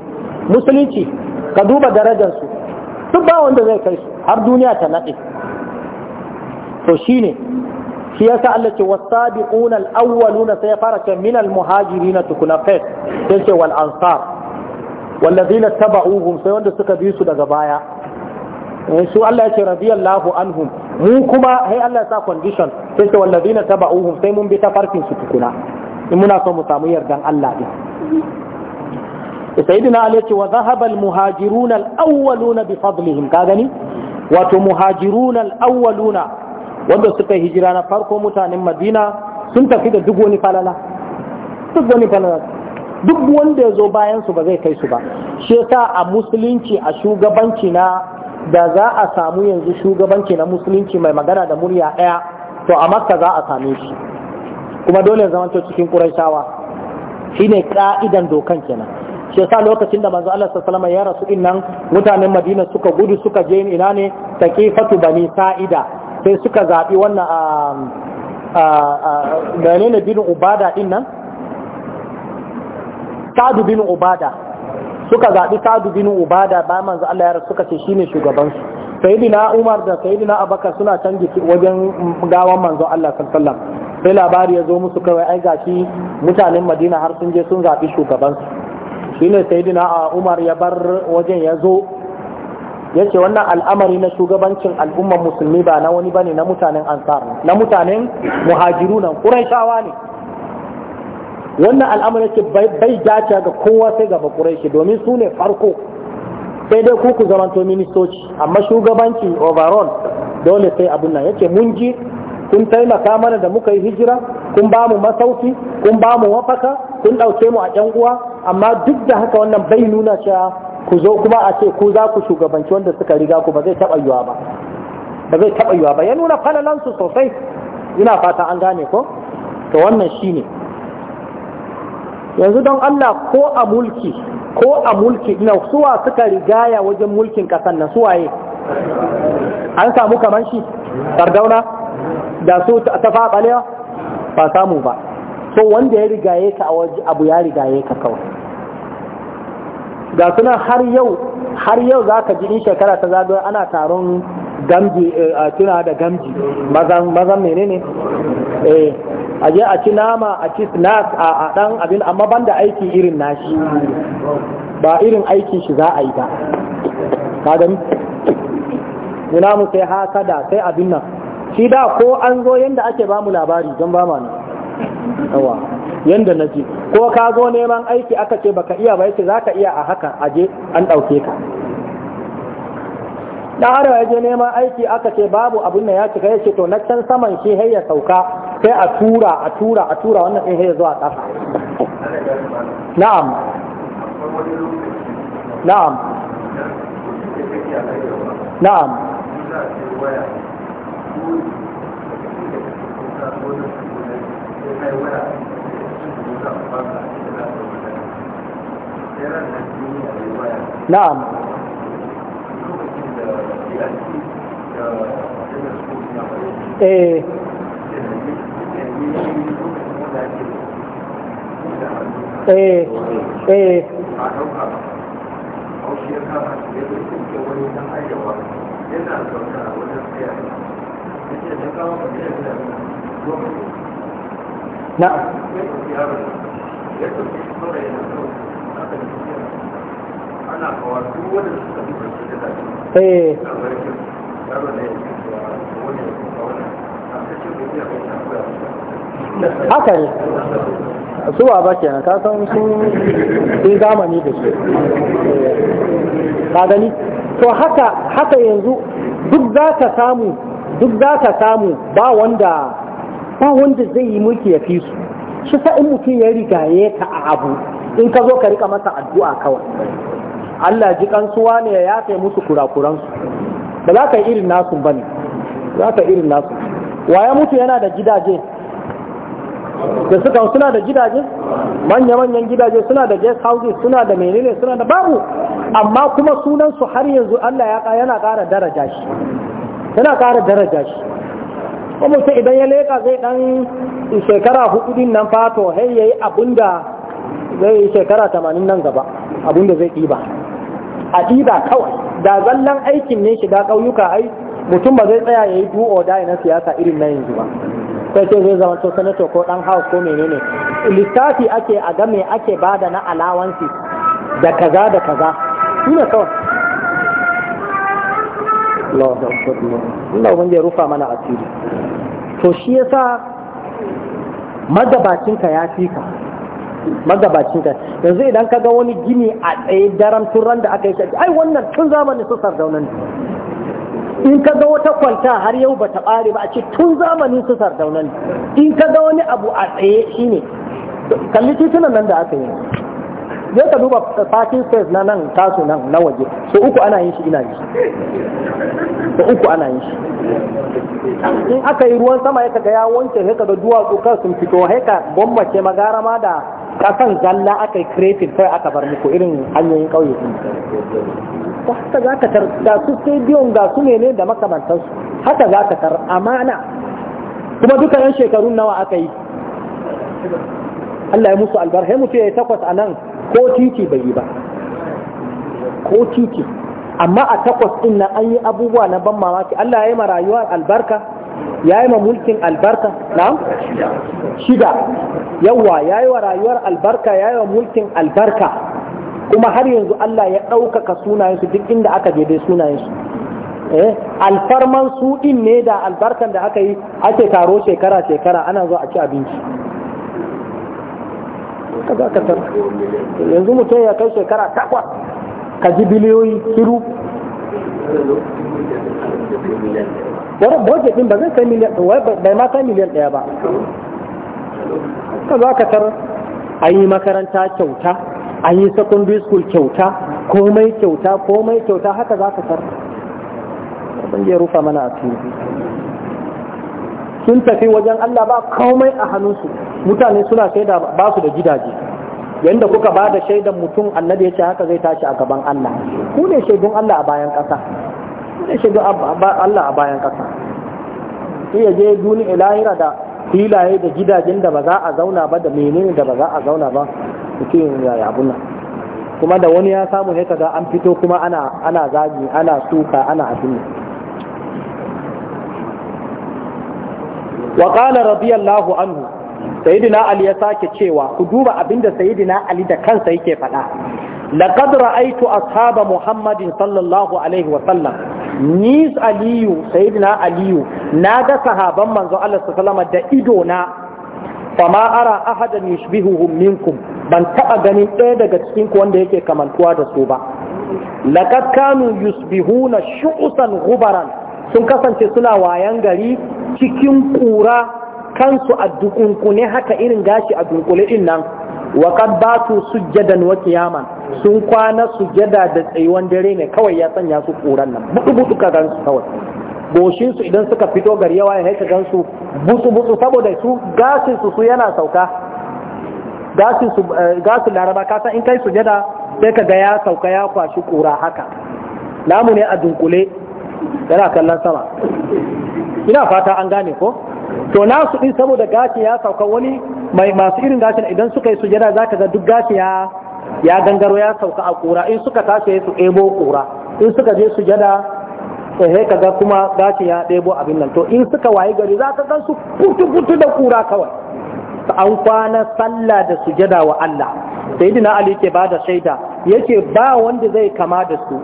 musulunci ka duba darajarsu duk ba wanda zai kai su har duniya ta naɗe to shine shi yasa Allah ce wasabiquna al-awwaluna sai fara ce min al-muhajirin tukuna fa sai ce wal ansar wallazina tabauhum sai wanda suka bi su daga baya Eh, su Allah ya ce radiyallahu anhum mu kuma hai Allah ya sa condition sai ce wallazina taba'uhum sai mun bi ta farkin su tukuna in muna so mu samu yardan Allah din sayyidina Ali ya ce wa dhahaba al muhajirun al awwaluna bi fadlihim ka gani wato muhajirun al awwaluna wanda suka hijira na farko mutanen Madina sun tafi da duk wani falala duk wani falala duk wanda ya zo bayan su ba zai kai su ba shi yasa a musulunci a shugabanci na da za a samu yanzu shugabanci na musulunci mai magana da murya ɗaya to a makka za a same shi kuma dole zamanto cikin ƙuraishawa ne ƙa'idan dokan kenan shi yasa lokacin da manzo Allah sallallahu ya rasu nan mutanen Madina suka gudu suka je ina ne taqifatu bani sa'ida sai suka zabi wannan a a bin ubada din nan sa'd bin ubada suka zaɓi sadu bin ubada ba manzo Allah ya rasu suka ce shine shugabansu. sayyidina Umar da sayyidina Abubakar suna can wajen gawan manzo Allah sallallahu alaihi wasallam sai labari ya zo musu kawai ai gashi mutanen Madina har sun je sun zaɓi shugabansu. shine sayyidina Umar ya bar wajen ya zo ya ce wannan al'amari na shugabancin al'ummar musulmi ba na wani bane na mutanen ansar na mutanen muhajiru nan ne wannan al’amuran ce bai dace ga kowa sai ga shi domin su ne farko sai dai ku ku zamanto ministoci amma shugabanci overall dole sai abin nan yake mun ji kun taimaka mana da muka yi hijira kun ba mu masauki kun ba mu mafaka kun ɗauke mu a ƴan uwa amma duk da haka wannan bai nuna cewa ku zo kuma a ce ku za ku shugabanci wanda suka riga ku ba zai taɓa yiwa ba ba zai taɓa yiwa ba ya nuna falalansu sosai ina fata an gane ko to wannan shine yanzu don Allah ko a mulki ko a mulki na suwa suka rigaya wajen mulkin kasan na suwaye an samu kamar shi sardauna da su ta faɓalewa ba samu ba so wanda ya rigaye ka a waje abu ya rigaye ka kawai ga suna har yau har yau za ka ji in shekara ta zagayo ana taron gamji eh, a tuna da gamji mazan menene eh, a je a ci nama a ci snack a dan abin amma banda aiki irin nashi ba irin aikin shi za a yi ba kaga muna mu sai haka da sai abin nan shi da ko an zo yanda ake ba mu labari don ba ma yawa yanda na ji ko ka zo neman aiki aka ce baka iya ba yake ka iya a haka aje an ɗauke ka na arewa ya je neman aiki aka ce babu abin da ya cika ya ce to na can saman shi sauka sai a tura a tura a tura wannan ɗin har zuwa ƙasa na'am na'am na'am na'am eh eh eh, eh. na'am eh haka ne su ba kenan ka san sun zamani da su ka gani to haka haka yanzu duk za ka samu duk za ka samu ba wanda ba wanda zai yi mulki ya fi su shi sa in mutum ya rigaye ta a abu in ka zo ka rika masa addu'a kawai Allah ji ƙansuwa ne ya yafe musu kurakuransu ba za ka yi irin nasu ba ne za ka irin nasu ya mutu yana da gidaje da suka suna da gidaje manya-manyan gidaje suna da guest houses suna da menene suna da babu amma kuma sunansu har yanzu Allah ya yana ƙara daraja shi yana ƙara daraja shi ko mutum idan ya leka zai dan shekara hudu din nan fato har yayi abunda zai yi shekara tamanin nan gaba abunda zai ɗiba a ɗiba kawai da zallan aikin ne shiga ƙauyuka ai mutum ba zai tsaya ya yi du'o da na siyasa irin na yanzu ba sai ce zai zama sanato ko dan house ko menene Littafi ake a game ake bada na alawansi da kaza da kaza shine kawai Allah wanda ya rufa mana asiri to shi ya sa magabacinka ya fi ka magabacinka yanzu idan ka ga wani gini a tsaye daren turan da aka yi shi ai wannan tun zamanin su sardaunan in ka ga wata kwalta har yau ba ta ɓare ba a ce tun zamanin su sardaunan in ka ga wani abu a tsaye shi ne. kalli titunan nan da aka yi zai ka duba parking space na nan taso nan na waje so uku ana yin shi ina yi so uku ana yin shi in aka yi ruwan sama ya kaga ya wanke da duwatsu kan sun fito haka gwammace magara ma da kasan zalla aka yi creative kai aka bar muku irin hanyoyin kauye din haka za ka tar da su stadium ga su ne da makamantansu haka za ka tar amana kuma duka yan shekarun nawa aka yi Allah ya musu albarhe mutu ya yi takwas a nan ko titi bai yi ba ko titi amma a takwas din nan an yi abubuwa na ban mamaki Allah ya yi ma rayuwar albarka ya yi ma mulkin albarka na shida yawa ya yi wa rayuwar albarka ya yi wa mulkin albarka kuma har yanzu Allah ya ɗaukaka sunayensu duk inda aka je dai sunayensu eh alfarman su din ne da albarkan da aka yi ake taro shekara shekara ana zo a ci abinci ka za ka tar yanzu mutum ya kai shekara takwas ka ji biliyoyi kiru. wani boje din ba zai kai miliyan bai ma kai miliyan ɗaya ba ka za ka tar a yi makaranta kyauta a yi secondary school kyauta komai kyauta komai kyauta haka za ka tar abin ya rufa mana a tuni sun tafi wajen Allah ba komai a hannunsu mutane suna shaida ba su da gidaje yadda kuka ba da shaidan mutum annabi ya ce haka zai tashi a gaban Allah ku ne shaidun Allah a bayan ƙasa ku ne shaidun Allah a bayan ƙasa sai ya je duniya ilahira da filaye da gidajen da ba za a zauna ba da menene da ba za a zauna ba mutum ya abun nan kuma da wani ya samu ne kaga an fito kuma ana ana zagi ana suka ana abin وقال رضي الله anhu sayyidina ali ya sake cewa ku duba abinda sayyidina ali da kansa yake faɗa laqad ra'aytu ashaba muhammadin sallallahu alaihi wa sallam ni aliyu sayyidina aliyu na ga sahaban manzo Allah sallallahu alaihi da ido na ma ara ahadan yushbihuhum minkum ban taba ganin ɗaya daga cikin ku wanda yake kamantuwa da su ba laqad kanu yusbihuna shu'usan ghubaran sun kasance suna wayan gari cikin kura kansu a dukunkune haka irin gashi a dunkule din nan wa qad batu sujjadan wa qiyama sun kwana sujjada da tsayuwan dare ne kawai ya sanya su kuran nan budu budu ka gansu kawai goshin su idan suka fito gari yawa ya ka gansu butu butu saboda su gashin su su yana sauka gashin su eh, gashin laraba ka san in kai sujjada sai ka ga ya sauka ya kwashi kura haka namune ne a dunkule yana kallon sama ina fata an gane ko to na su din saboda gashi ya sauka wani mai masu irin gashin idan suka yi sujada zaka ga duk gashi ya ya gangaro ya sauka a kura in suka tashi su ɗebo kura in suka je sujada eh, ka kaga kuma gashi ya ɗebo abin nan to in suka wayi gari za ka gansu putu putu da kura kawai an kwana sallah da sujada wa Allah sayyidina Ali ke bada shaida yake ba wanda zai kama da su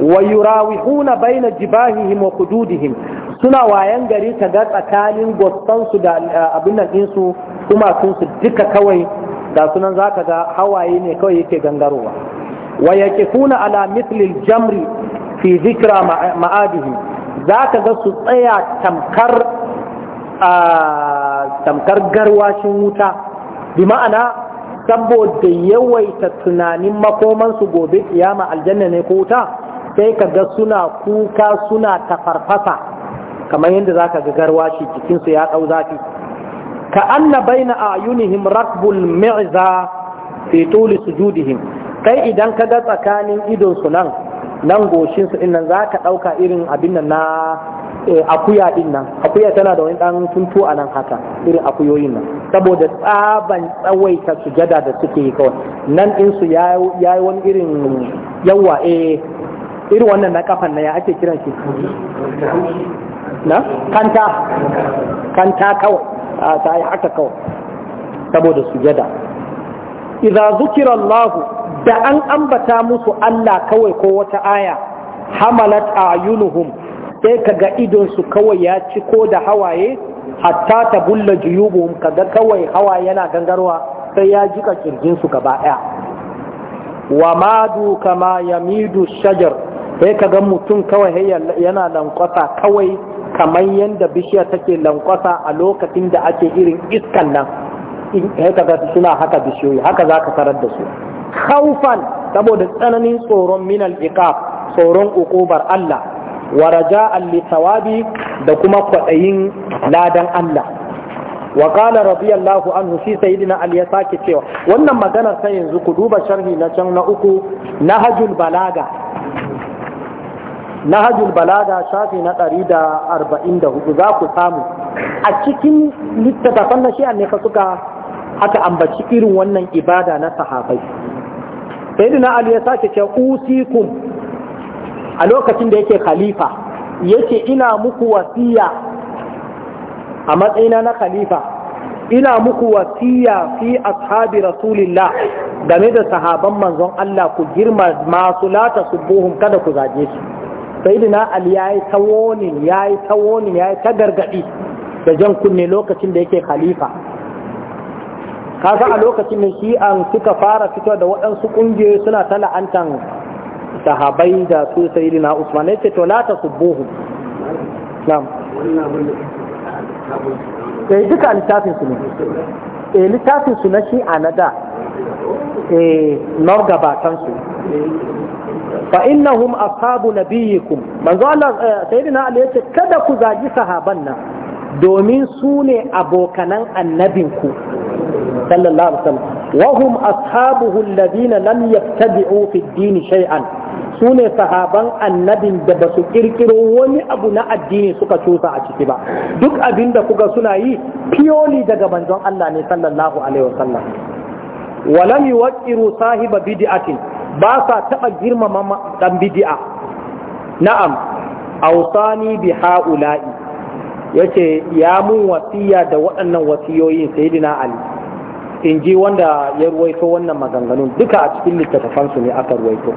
wa yurawihuna baina jibahihim wa qududihim suna wayan gari ta ga tsakanin gwastansu da eh, abin nan ɗinsu kumatunsu duka kawai ga sunan za ka ga hawaye ne kawai yake gangarowa wa yake kuna ala mitlil jamri fi zikra ma'adihi za ka ga su tsaya tamkar tamkar garwashin wuta bi ma'ana saboda yawaita tunanin makomansu gobe iyama aljanna ne ko wuta sai ka ga suna kuka suna tafarfasa kamar yadda za ka ga garwashi jikinsu ya ɗau zafi ka bai baina ayunihim rakbul mi'za fi tuli sujudihim kai idan ka ga tsakanin idon su nan goshinsu goshin nan za ka ɗauka irin abin nan na eh, akuya ɗin nan akuya tana da wani ɗan tuntu a nan haka irin akuyoyin nan saboda tsaban tsawaita sujada da suke yi kawai nan in su yi wani irin yawa eh irin wannan na kafan na ya ake kiran shi na kanta kanta kawai ta yi haka kawai saboda sujada idan zukira Allah da an ambata musu Allah kawai ko wata aya hamalat a ayunuhum sai kaga idon su kawai ya ci ko da hawaye hatta ta bulla juyubu kaga kawai hawa yana gangarwa sai ya jika kirjin su gaba daya wa madu kama yamidu shajar sai kaga mutum kawai yana lankwasa kawai kamar yadda bishiyar take lankwasa a lokacin da ake irin iskan nan haka za suna haka bishiyoyi haka za ka sarar da su khaufan saboda tsananin tsoron minal iqab tsoron ukubar Allah wa raja'an tawabi da kuma kwaɗayin ladan Allah wa qala radiyallahu anhu shi sayyidina ali ya sake cewa wannan maganar sai yanzu ku duba sharhi na can na uku nahajul balaga nahajul balaga shafi na ɗari da arba'in da hudu za ku samu a cikin littattafan na shi'an ne fa suka aka ambaci irin wannan ibada na sahabai na ali ya sake ce usikum a lokacin da yake khalifa yake ina muku wasiya a matsayina na khalifa ina muku wasiya fi ashabi rasulillah game da sahaban manzon Allah ku girma masu lata subuhum kada ku zage su sayyidina ali yayi tawonin yayi tawonin yayi ta gargadi da jan kunne lokacin da yake khalifa kaga a lokacin da shi an suka fara fito da waɗansu ƙungiyoyi suna ta la'antan sahabai da su sayyidina usman ce to la ta subuhu na'am eh, duka littafin su ne eh littafin su na shi na margabatansu eh, fa innahum ashabu nabiyikum manzo Allah eh, sayyidina Ali yace kada ku zagi sahaban nan domin su ne abokanan annabinku sallallahu alaihi wasallam wa hum ashabuhu alladhina lam yabtadi'u fi ad-din shay'an su ne sahaban annabin da ba su kirkiro wani abu na addini suka cusa a ciki ba duk abin da kuga suna yi fiyoli daga manzon Allah ne sallallahu alaihi wasallam walam yuwaqqiru sahiba bidi'atin ba sa taba girmama ɗan bidi'a. na'am awsani bi haula'i yace ya mun wasiya da waɗannan wasiyoyin sayyidina ali in ji wanda ya ruwaito wannan maganganun duka a cikin littattafansu ne aka ruwaito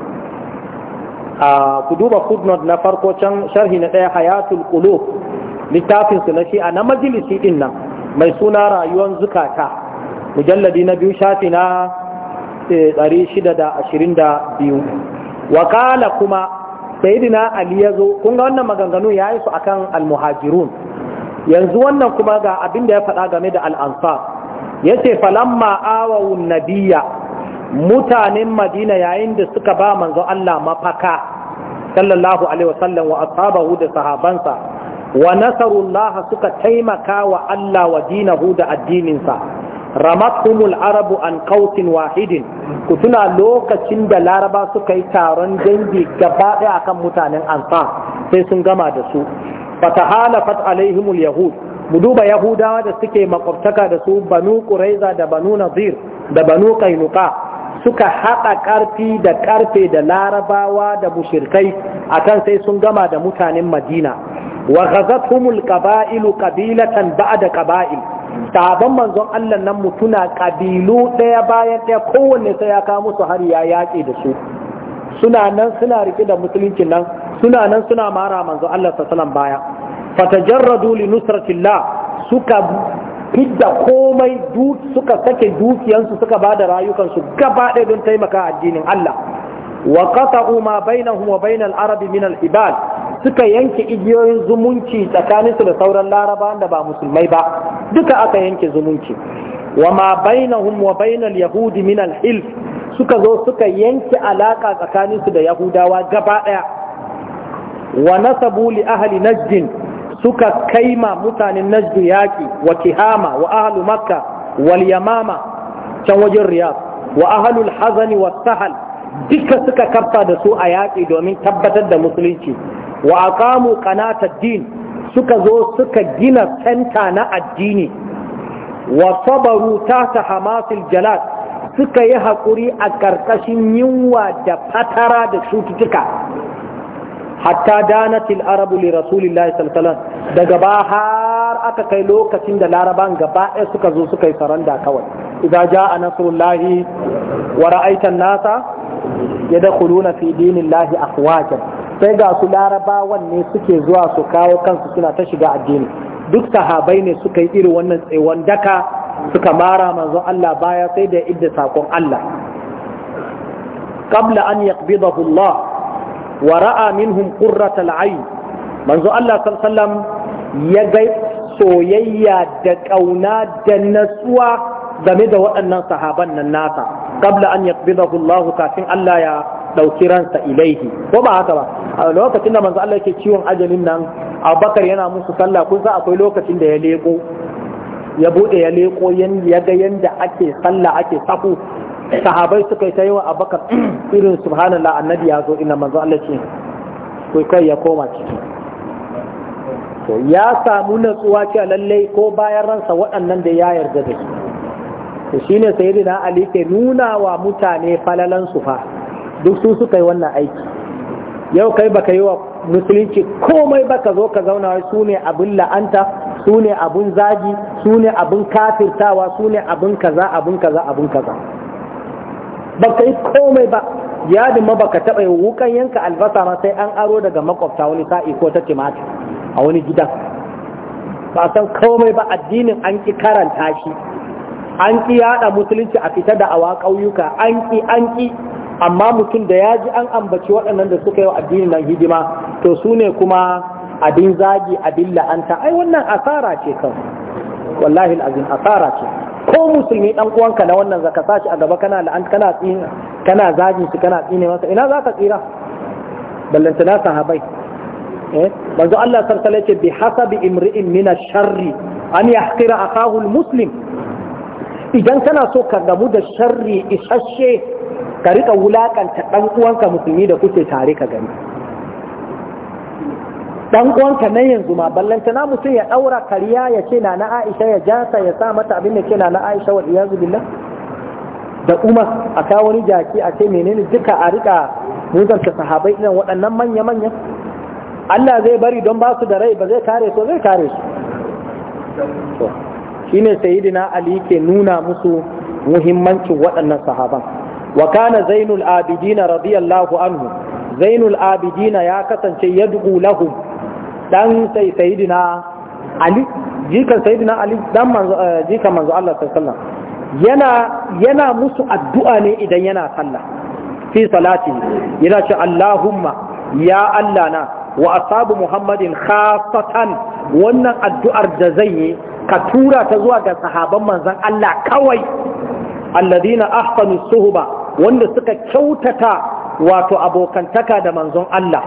a ku duba footnote na farko can sharhi na ɗaya hayatul qulub littafinsu na shi'a na majalisi din nan mai suna rayuwar zukata mujalladi na biyu shafi na 622 eh, wakala kuma saidina ali ya zo kunga wannan maganganu ya yi su akan almuhajirun yanzu wannan kuma ga abin da ya faɗa game da al'ansa ya ce falamma awawun nabiya mutanen madina yayin da suka ba manzo Allah mafaka sallallahu alaihi wasallam wa asabahu da sahabansa wa nasarullaha suka taimaka wa Allah wa dinahu da addininsa ramatumul arabu an kautin wahidin ku tuna lokacin da laraba suka yi taron dangi gaba akan mutanen ansa sai sun gama da su fatahalafat alaihimul yahud mu duba yahudawa da suke makwabtaka da su banu quraiza da banu nazir da banu kainuka suka haɗa ƙarfi da ƙarfe da larabawa da mushirkai akan sai sun gama da mutanen madina wa ghazathumul qaba'ilu qabilatan ba'da qaba'il sahabban manzon Allah nan mutuna kabilu ɗaya bayan ɗaya kowanne sai ya kawo musu har ya yaƙi da su suna nan suna rike da musulunci nan suna nan suna mara manzon Allah sallallahu baya fatajarradu li nusratillah suka fidda komai suka sake dukiyansu suka bada rayukansu gaba ɗaya don taimaka addinin Allah wa qata'u ma bainahum wa bainal arabi min al ibad suka yanke igiyoyin zumunci tsakaninsu da sauran laraba da ba musulmai ba duka aka yanke zumunci wa ma bainahum wa bainal yahudi min al hilf suka zo suka yanke alaka tsakaninsu da yahudawa gaba daya wa nasabu li ahli najd suka kaima mutanen najd yaki wa kihama wa ahlu makka wal yamama can wajen riyad wa ahlul hazani was sahal duka suka kafa da su a yaƙi domin tabbatar da musulunci wa aqamu qanata din suka zo suka gina santa na addini wa sabaru ta hamasil jalal suka yi haƙuri a ƙarƙashin yunwa da fatara da cututtuka hatta danatil arabu li rasulillahi sallallahu alaihi wasallam daga ba har aka kai lokacin da laraban gaba ɗaya suka zo suka yi saranda kawai idza jaa nasrullahi wa ra'aita an-nasa yadkhuluna fi dinillahi afwajan sai ga su larabawan ne suke zuwa su kawo kansu suna ta shiga addini duk sahabai ne suka yi irin wannan tsayuwan daka suka mara manzon Allah baya sai da idda sakon Allah qabla an yaqbidahu Allah wa ra'a minhum qurratal ayn manzo Allah sallallahu ya ga soyayya da kauna da natsuwa game da waɗannan sahaban nan nasa qabla an yaqbidahu Allah kafin Allah ya dauki ransa ilaihi ko ba haka ba a lokacin da manzo Allah yake ciwon ajalin nan Abubakar yana musu sallah kun sa akwai lokacin da ya leko ya bude ya leko ya ga yanda ake sallah ake safu sahabai suka yi ta yi wa abakar irin subhanallah annabi ya zo ina manzo Allah ce kai kai ya koma ciki to ya samu natsuwa ce lallai ko bayan ransa waɗannan da ya yarda da su to shine sayyidina ali ke nuna wa mutane falalan su fa duk su suka yi wannan aiki yau kai baka yi wa musulunci komai baka zo ka zauna su ne abin la'anta su ne abin zagi su ne abin kafirtawa su ne abin kaza abin kaza abin kaza ba ka yi komai ba yadin ma baka taɓa wukan yanka albasa ma sai an aro daga makwabta wani sa'i ko ta timatir a wani gidan ba san komai ba addinin an ki karanta shi an ki yada musulunci a fita da awa ƙauyuka an ki an ki amma mutum da ya ji an ambaci waɗannan da suka yi wa addinin nan hidima to su ne kuma abin zagi abin la'anta ai wannan asara ce kan wallahi asara ce ko musulmi dan uwanka na wannan zaka sashi a gaba kana la'an kana tsina kana zagin shi kana tsine masa ina za ka tsira ballanta na sahabai eh manzo Allah sallallahu alaihi bi hasabi imri'in min ash-sharri an yahqira akahu al-muslim idan kana so ka gamu da sharri isasshe ka rika wulakanta dan uwanka musulmi da kuke tare ka gani dan uwanka na yanzu ma ballanta na mutum ya daura kariya ya ce na na Aisha ya jasa ya sa mata abin da ke na na Aisha wal iyazu billah da Umar a kawo wani jaki a ce menene duka a rika muzanta sahabai irin waɗannan manya manya Allah zai bari don ba su da rai ba zai kare su zai kare su shine sayyidina Ali ke nuna musu muhimmancin waɗannan sahaban wa kana zainul abidina radiyallahu anhu zainul abidina ya kasance yad'u lahum dan sai sayidina ali jikan sayidina ali dan manzo eh, jikan manzo Allah sallallahu yana yana musu addu'a ne idan yana sallah fi salati yana ce Allahumma ya Allah na wa asabu Muhammadin khasatan wannan addu'ar da zai yi ka tura ta zuwa ga sahaban manzon Allah kawai alladina ahsanu suhba wanda suka kyautata wato abokantaka da manzon Allah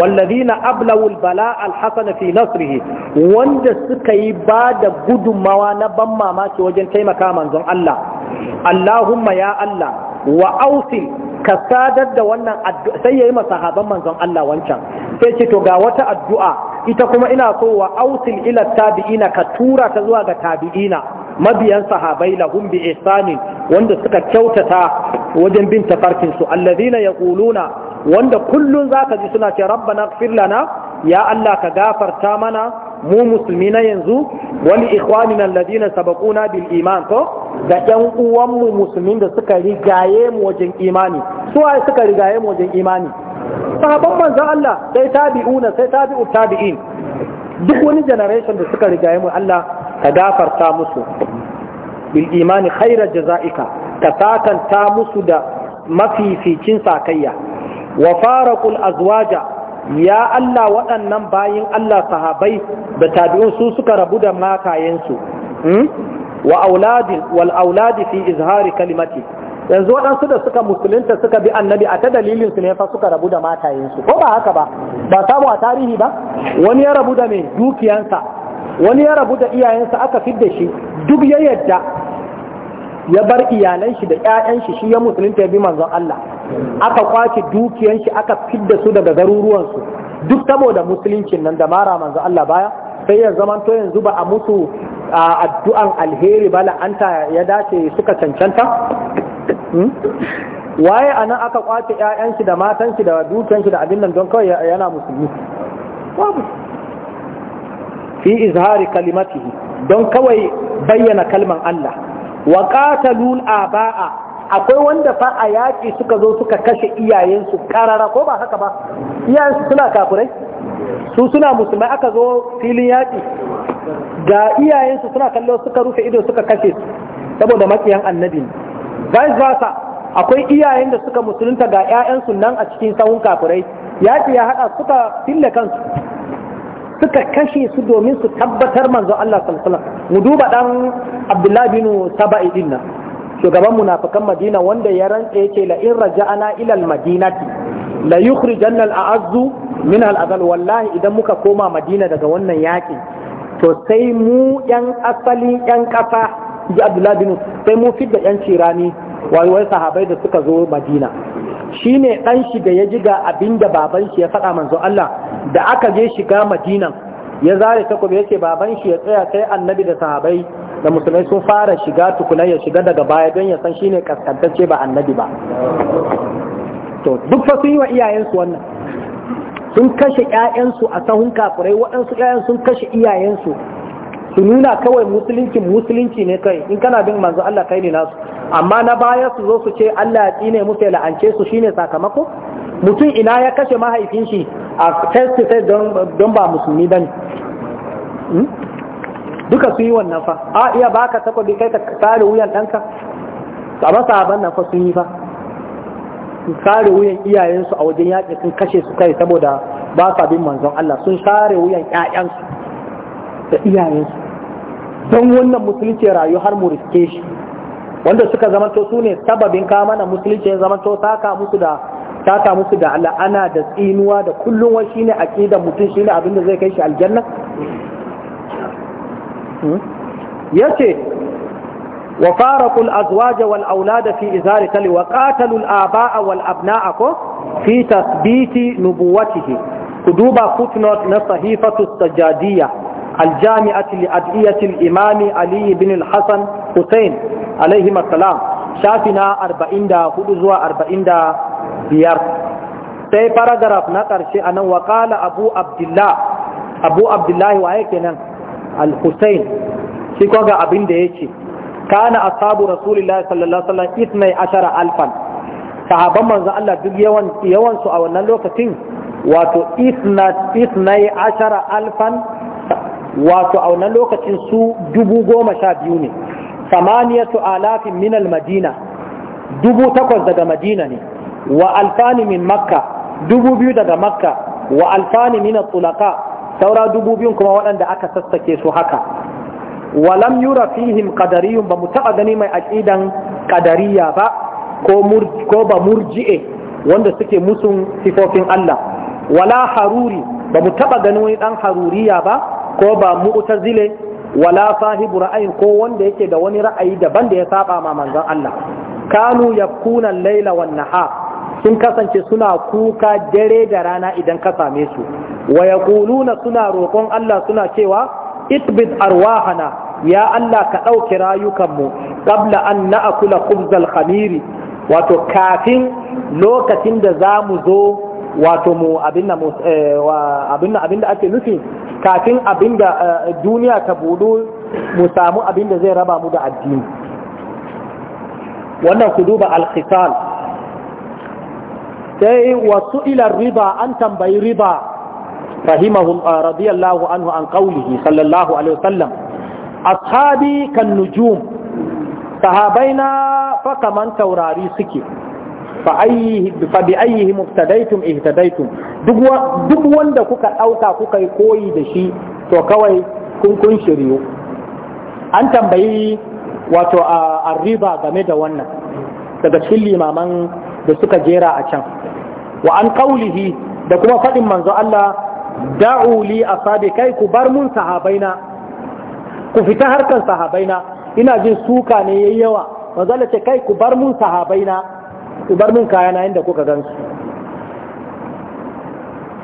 wallazina ablawul bala alhasana fi nasrihi wanda suka yi ba da na ban mamaki wajen taimaka manzon Allah Allahumma ya Allah wa ka sadar da wannan addu'a sai yayi masahaban manzon Allah wancan sai ce to ga wata addu'a ita kuma ina so wa ausil ila tabi'ina ka tura ta zuwa ga tabi'ina mabiyan sahabai lahum bi ihsanin wanda suka kyautata wajen bin tafarkin su alladhina yaquluna wanda kullun zaka ji suna ce rabbana ighfir lana ya Allah ka gafarta mana mu musulmi na yanzu wani ikhwanina alladhina sabaquna bil iman to da yan uwan mu musulmin da suka rigaye mu wajen imani su waye suka rigaye mu wajen imani sahabban manzon Allah sai tabi'una sai tabi'u tabi'in duk wani generation da suka rigaye mu Allah ka gafarta musu bil imani khairar jaza'ika ka satanta musu da mafificin sakayya wa farakul azwaja ya Allah waɗannan bayin Allah sahabai da tabi'un su suka rabu da matayensu hmm? wa auladin wal auladi fi izhari kalimati yanzu waɗansu da suka musulunta suka bi annabi a ta dalilin su ne fa suka rabu da matayensu ko ba haka ba ba samu a tarihi ba wani ya rabu da mai dukiyansa wani ya rabu da iyayensa aka fidda shi duk ya yadda ya bar iyalan shi da ƴaƴan shi shi ya musulunta ya bi manzon Allah aka kwace dukiyan shi aka fidda su daga garuruwansu, su duk saboda musuluncin nan da mara manzon Allah baya sai ya zaman to yanzu ba a musu addu'an alheri ba la'anta ya dace suka cancanta hmm? waye anan aka kwace ƴaƴan da matan shi da dukiyan da abin nan don kawai yana musulmi fi izhari kalimatihi don kawai bayyana kalman Allah wa qatalul abaa akwai wanda fa a yaƙi suka zo suka kashe iyayensu karara ko ba haka ba iyayensu suna kafirai su suna musulmai aka zo filin yaƙi ga iyayensu suna kallo suka rufe ido suka kashe su saboda makiyan annabi vice versa akwai iyayen da suka musulunta ga 'ya'yansu nan a cikin sahun kafirai yaƙi ya haɗa suka fille kansu suka kashe su domin su tabbatar manzo Allah sallallahu alaihi wasallam mu duba dan Abdullahi bin Saba'i din nan shugaban munafikan Madina wanda ya rantsa yake la in raja'ana ila al-madinati la yukhrijanna al-a'azzu min al wallahi idan muka koma Madina daga wannan yaki to sai mu yan asali yan ƙasa, ji Abdullahi bin sai mu fidda yan cirani wai wai sahabai da suka zo madina shine ɗanshi shi da ya ji ga da baban shi ya faɗa manzo Allah da aka je shiga madina ya zare takobi ce baban shi ya tsaya sai annabi da sahabai da musulmai sun fara shiga tukuna ya shiga daga baya don ya san shine kaskantacce ba annabi ba to duk fa sun yi wa iyayensu wannan sun kashe ƴaƴansu a sahun kafirai waɗansu ƴaƴan sun kashe iyayensu su nuna kawai musulunci musulunci ne kai in kana bin manzo Allah kai ne nasu amma na baya su zo su ce Allah ya tsine mu ya la'ance su shine sakamako mutum ina ya kashe mahaifin shi a test to don don ba musulmi bane hmm? duka su yi wannan fa a iya baka kwabi kai ka kare wuyan ɗanka ba saban nan fa sun yi fa kare wuyan iyayensu a wajen yaƙi sun kashe su kai saboda ba sa bin manzon Allah sun kare wuyan ƴaƴansu da iyayensu don wannan musulunci rayu har mu riske shi wanda suka zamanto su ne sababin kamana musulunci ya zamanto taka musu da saka musu da la'ana da tsinuwa da kullum wai shine aqidan mutum shine abin da zai kai shi aljanna hmm? yace wa faraqul azwaja wal aulada fi izari tali wa qatalul abaa wal abnaa ko fi tasbiti nubuwatihi ku duba footnote na sahifatu sajadiyya الجامعة لأدعية الإمام علي بن الحسن حسين عليهما السلام شافنا أربعين دا خدزوا أربعين دا بيار تي باراغراف نقر شيئا وقال أبو عبد الله أبو عبد الله وهيكنا الحسين شكوغا أبين ديشي كان أصحاب رسول الله صلى الله عليه وسلم إثني عشر ألفا صحابا من ذا الله دل يوان يوان سؤال نلوكتين واتو إثني عشر ألفا wato a wannan lokacin su dubu goma sha biyu ne samaniyatu alafin minal madina dubu takwas daga madina ne wa alfani min makka dubu biyu daga makka wa alfani min tulaka saura dubu biyun kuma waɗanda aka sassake su haka walam yura fihim qadariyun ba mu taɓa gani mai aqidan qadariya ba ko ba murji'e wanda suke musun sifofin Allah wala haruri ba mu taɓa gani wani ɗan haruriya ba ko ba mu'tazile wala sahibu ra'ayin ko wanda yake da wani ra'ayi daban da ya saba ma manzon Allah kanu yakuna laila wan nahar sun kasance suna kuka dare da rana idan ka same su wa yaquluna suna roƙon Allah suna cewa itbid arwahana ya Allah ka ɗauki rayukanmu qabla an na'kula khubzal khamiri wato kafin lokacin da zamu zo wato mu abin eh, da ake nufi kafin abin da eh, duniya ta budu mu samu abin da zai raba mu da addini wannan ku duba alkhisal sai wasu ilar riba an tambayi riba rahimahum eh, radiyallahu anhu an qawlihi sallallahu alaihi wasallam ashabi kan nujum na fa kaman taurari suke fa bi ayyihi muftadaitum ihtadaitum duk wanda kuka dauka kuka yi koyi da shi to kawai kun kun shiryu an tambayi wato a riba game da wannan daga cikin limaman da suka jera a can wa an kaulihi da kuma faɗin manzo Allah da'u li asabi kai ku bar mun sahabaina ku fita harkan sahabaina ina jin suka ne yayi yawa manzo ce kai ku bar mun sahabaina ku bar min kayana inda kuka gan gansu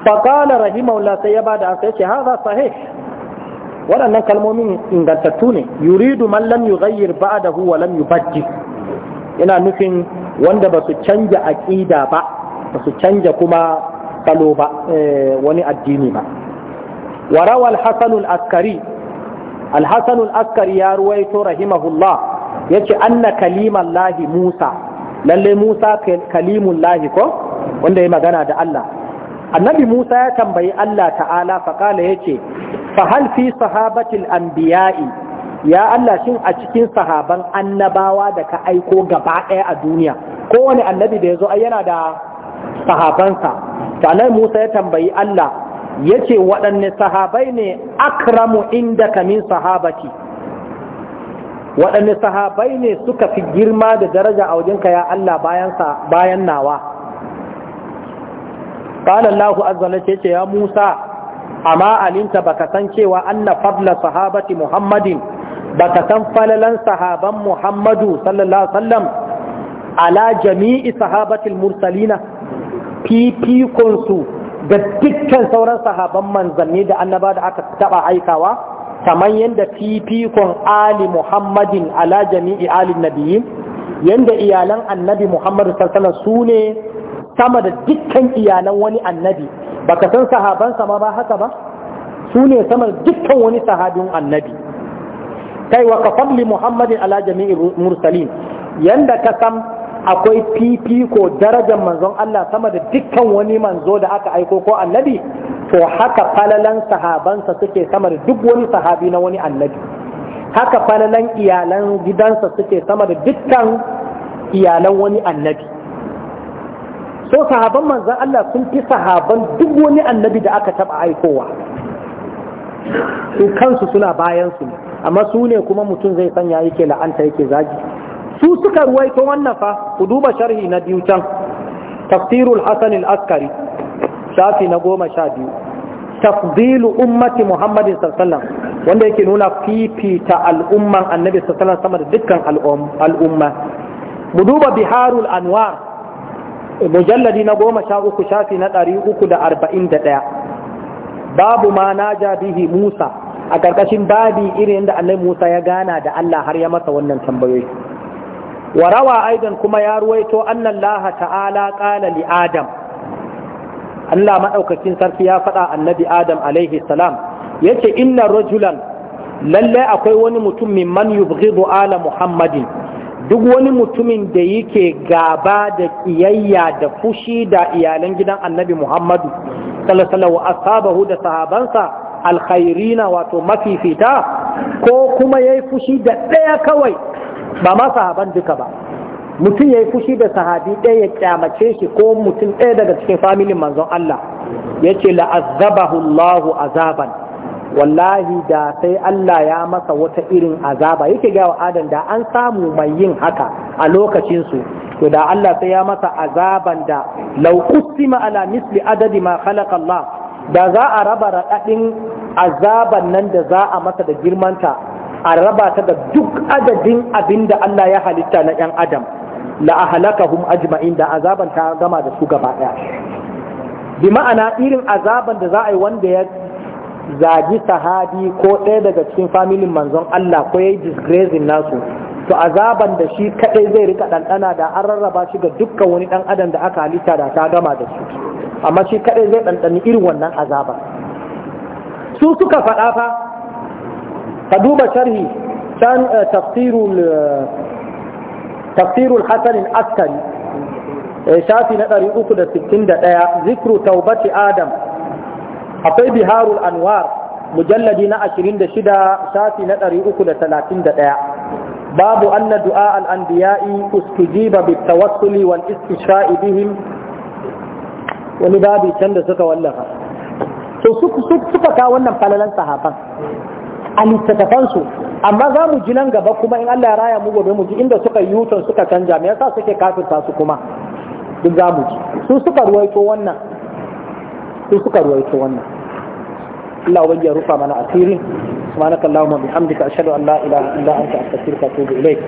faƙala rahimahullah sai ya bada da sai ce haza sahih waɗannan kalmomin ingantattu ne yuridu man lam yughayyir ba'dahu wa lam yubajji ina nufin wanda ba su canja aqida ba ba su canja kuma salo ba eh, wani addini ba wa rawa al-hasan al-askari al-hasan al-askari ya ruwaito rahimahullah yace anna kalimallahi musa lalle Musa kalimun lahi ko wanda ya magana da Allah annabi Musa ya tambayi Allah ta'ala faƙala ya ce fahal fi sahabatil anbiya'i ya Allah shin a cikin sahaban annabawa da ka aiko gaba ɗaya a duniya kowane annabi da ya zo yana da sahabansa To annabi Musa ya tambayi Allah ya ce waɗanne sahabai ne akramu inda kamin sahabati waɗanne sahabai ne suka fi girma da daraja a wajenka ya Allah bayan nawa ƙala Allah azzala ce ce ya Musa amma alinta baka san cewa anna fabla sahabati Muhammadin baka san falalan sahaban Muhammadu sallallahu ala jami'i sahabatil mursalina fifikonsu da dukkan sauran sahaban manzanni da annaba da aka taɓa aikawa kamar yadda fifikon ali muhammadin ala jami'i ali nabiyin yadda iyalan annabi muhammadu sallallahu su ne sama da dukkan iyalan wani annabi baka san sahabansa ma ba haka ba su ne sama da dukkan wani sahabin annabi kai wa ka fadli muhammadin ala jami'i mursalin yadda ka san akwai fifiko darajar manzon Allah sama da dukkan wani manzo da aka aiko ko annabi to haka falalan sahabansa suke sama da duk wani sahabi na wani annabi haka falalan iyalan gidansa suke sama da dukkan iyalan wani annabi so sahaban manzon Allah sun fi sahaban duk wani annabi da aka taba aikowa su kansu suna bayan su amma su ne kuma mutum zai sanya yake la'anta yake zagi su suka ruwaito wannan fa ku duba sharhi na biyu can tafsirul hasan al-askari shafi na goma sha biyu tafdilu ummati muhammadin sallallahu wanda yake nuna fifita al'umman annabi sallallahu sama da dukkan al'umma mu duba biharul anwar mujalladi na goma sha uku shafi na ɗari uku da arba'in da ɗaya babu ma na bihi musa a ƙarƙashin babi irin da annabi musa ya gana da allah har ya masa wannan tambayoyi Warawa aidan kuma ya ruwaito annan laha ta'ala qala li adam Allah maɗaukakin sarki ya faɗa annabi adam alaihi salam yace inna rajulan lallai akwai wani mutum min man yubghidu ala muhammadin duk wani mutumin da yake gaba da kiyayya da fushi da iyalan gidan annabi muhammadu sallallahu ashabahu da sahabansa alkhairina wato mafifita ko kuma yayi fushi da ɗaya kawai ba ma sahaban duka ba mutum ya yi fushi da sahabi ɗaya ya kyamace shi ko mutum ɗaya daga cikin familin manzon Allah ya ce la'azabahullahu azaban wallahi da sai Allah ya masa wata irin azaba yake wa adam da an samu mai yin haka a lokacinsu to da Allah sai ya masa azaban da lau qusima ala misli adadi ma khalaqa Allah da za a raba raɗaɗin azaban nan da za a masa da girmanta a raba ta da duk adadin abin da Allah ya halitta na 'yan adam la ajma'in da azaban ta gama da su gaba ɗaya bi ma'ana irin azaban da za a yi wanda ya zagi sahabi ko ɗaya daga cikin familin manzon Allah ko ya yi disgracing nasu to azaban da shi kaɗai zai rika ɗanɗana da an rarraba shi ga dukkan wani ɗan adam da aka halitta da ta gama da su amma shi kaɗai zai ɗanɗani irin wannan azaban su suka faɗa fa ka duba sharhi can eh, tafsirul eh, tafsirul hasan askari eh, shafi na 361 zikru taubati adam akwai biharul anwar mujalladi na 26 shafi na 331 babu anna du'a al-anbiya'i ustujiba bitawassuli wal istisha'i bihim wani babu can da suka wallafa to suka wannan falalan sahaban a littattafansu amma za mu ji nan gaba kuma in Allah ya raya mu gobe mu ji inda suka yi hutun suka canja me yasa suke kafirta su kuma duk za mu ji su suka ruwaito wannan su suka ruwaito wannan Allah wajen rufa mana asiri subhanakallahumma bihamdika ashhadu an la ilaha illa anta astaghfiruka wa atubu ilaik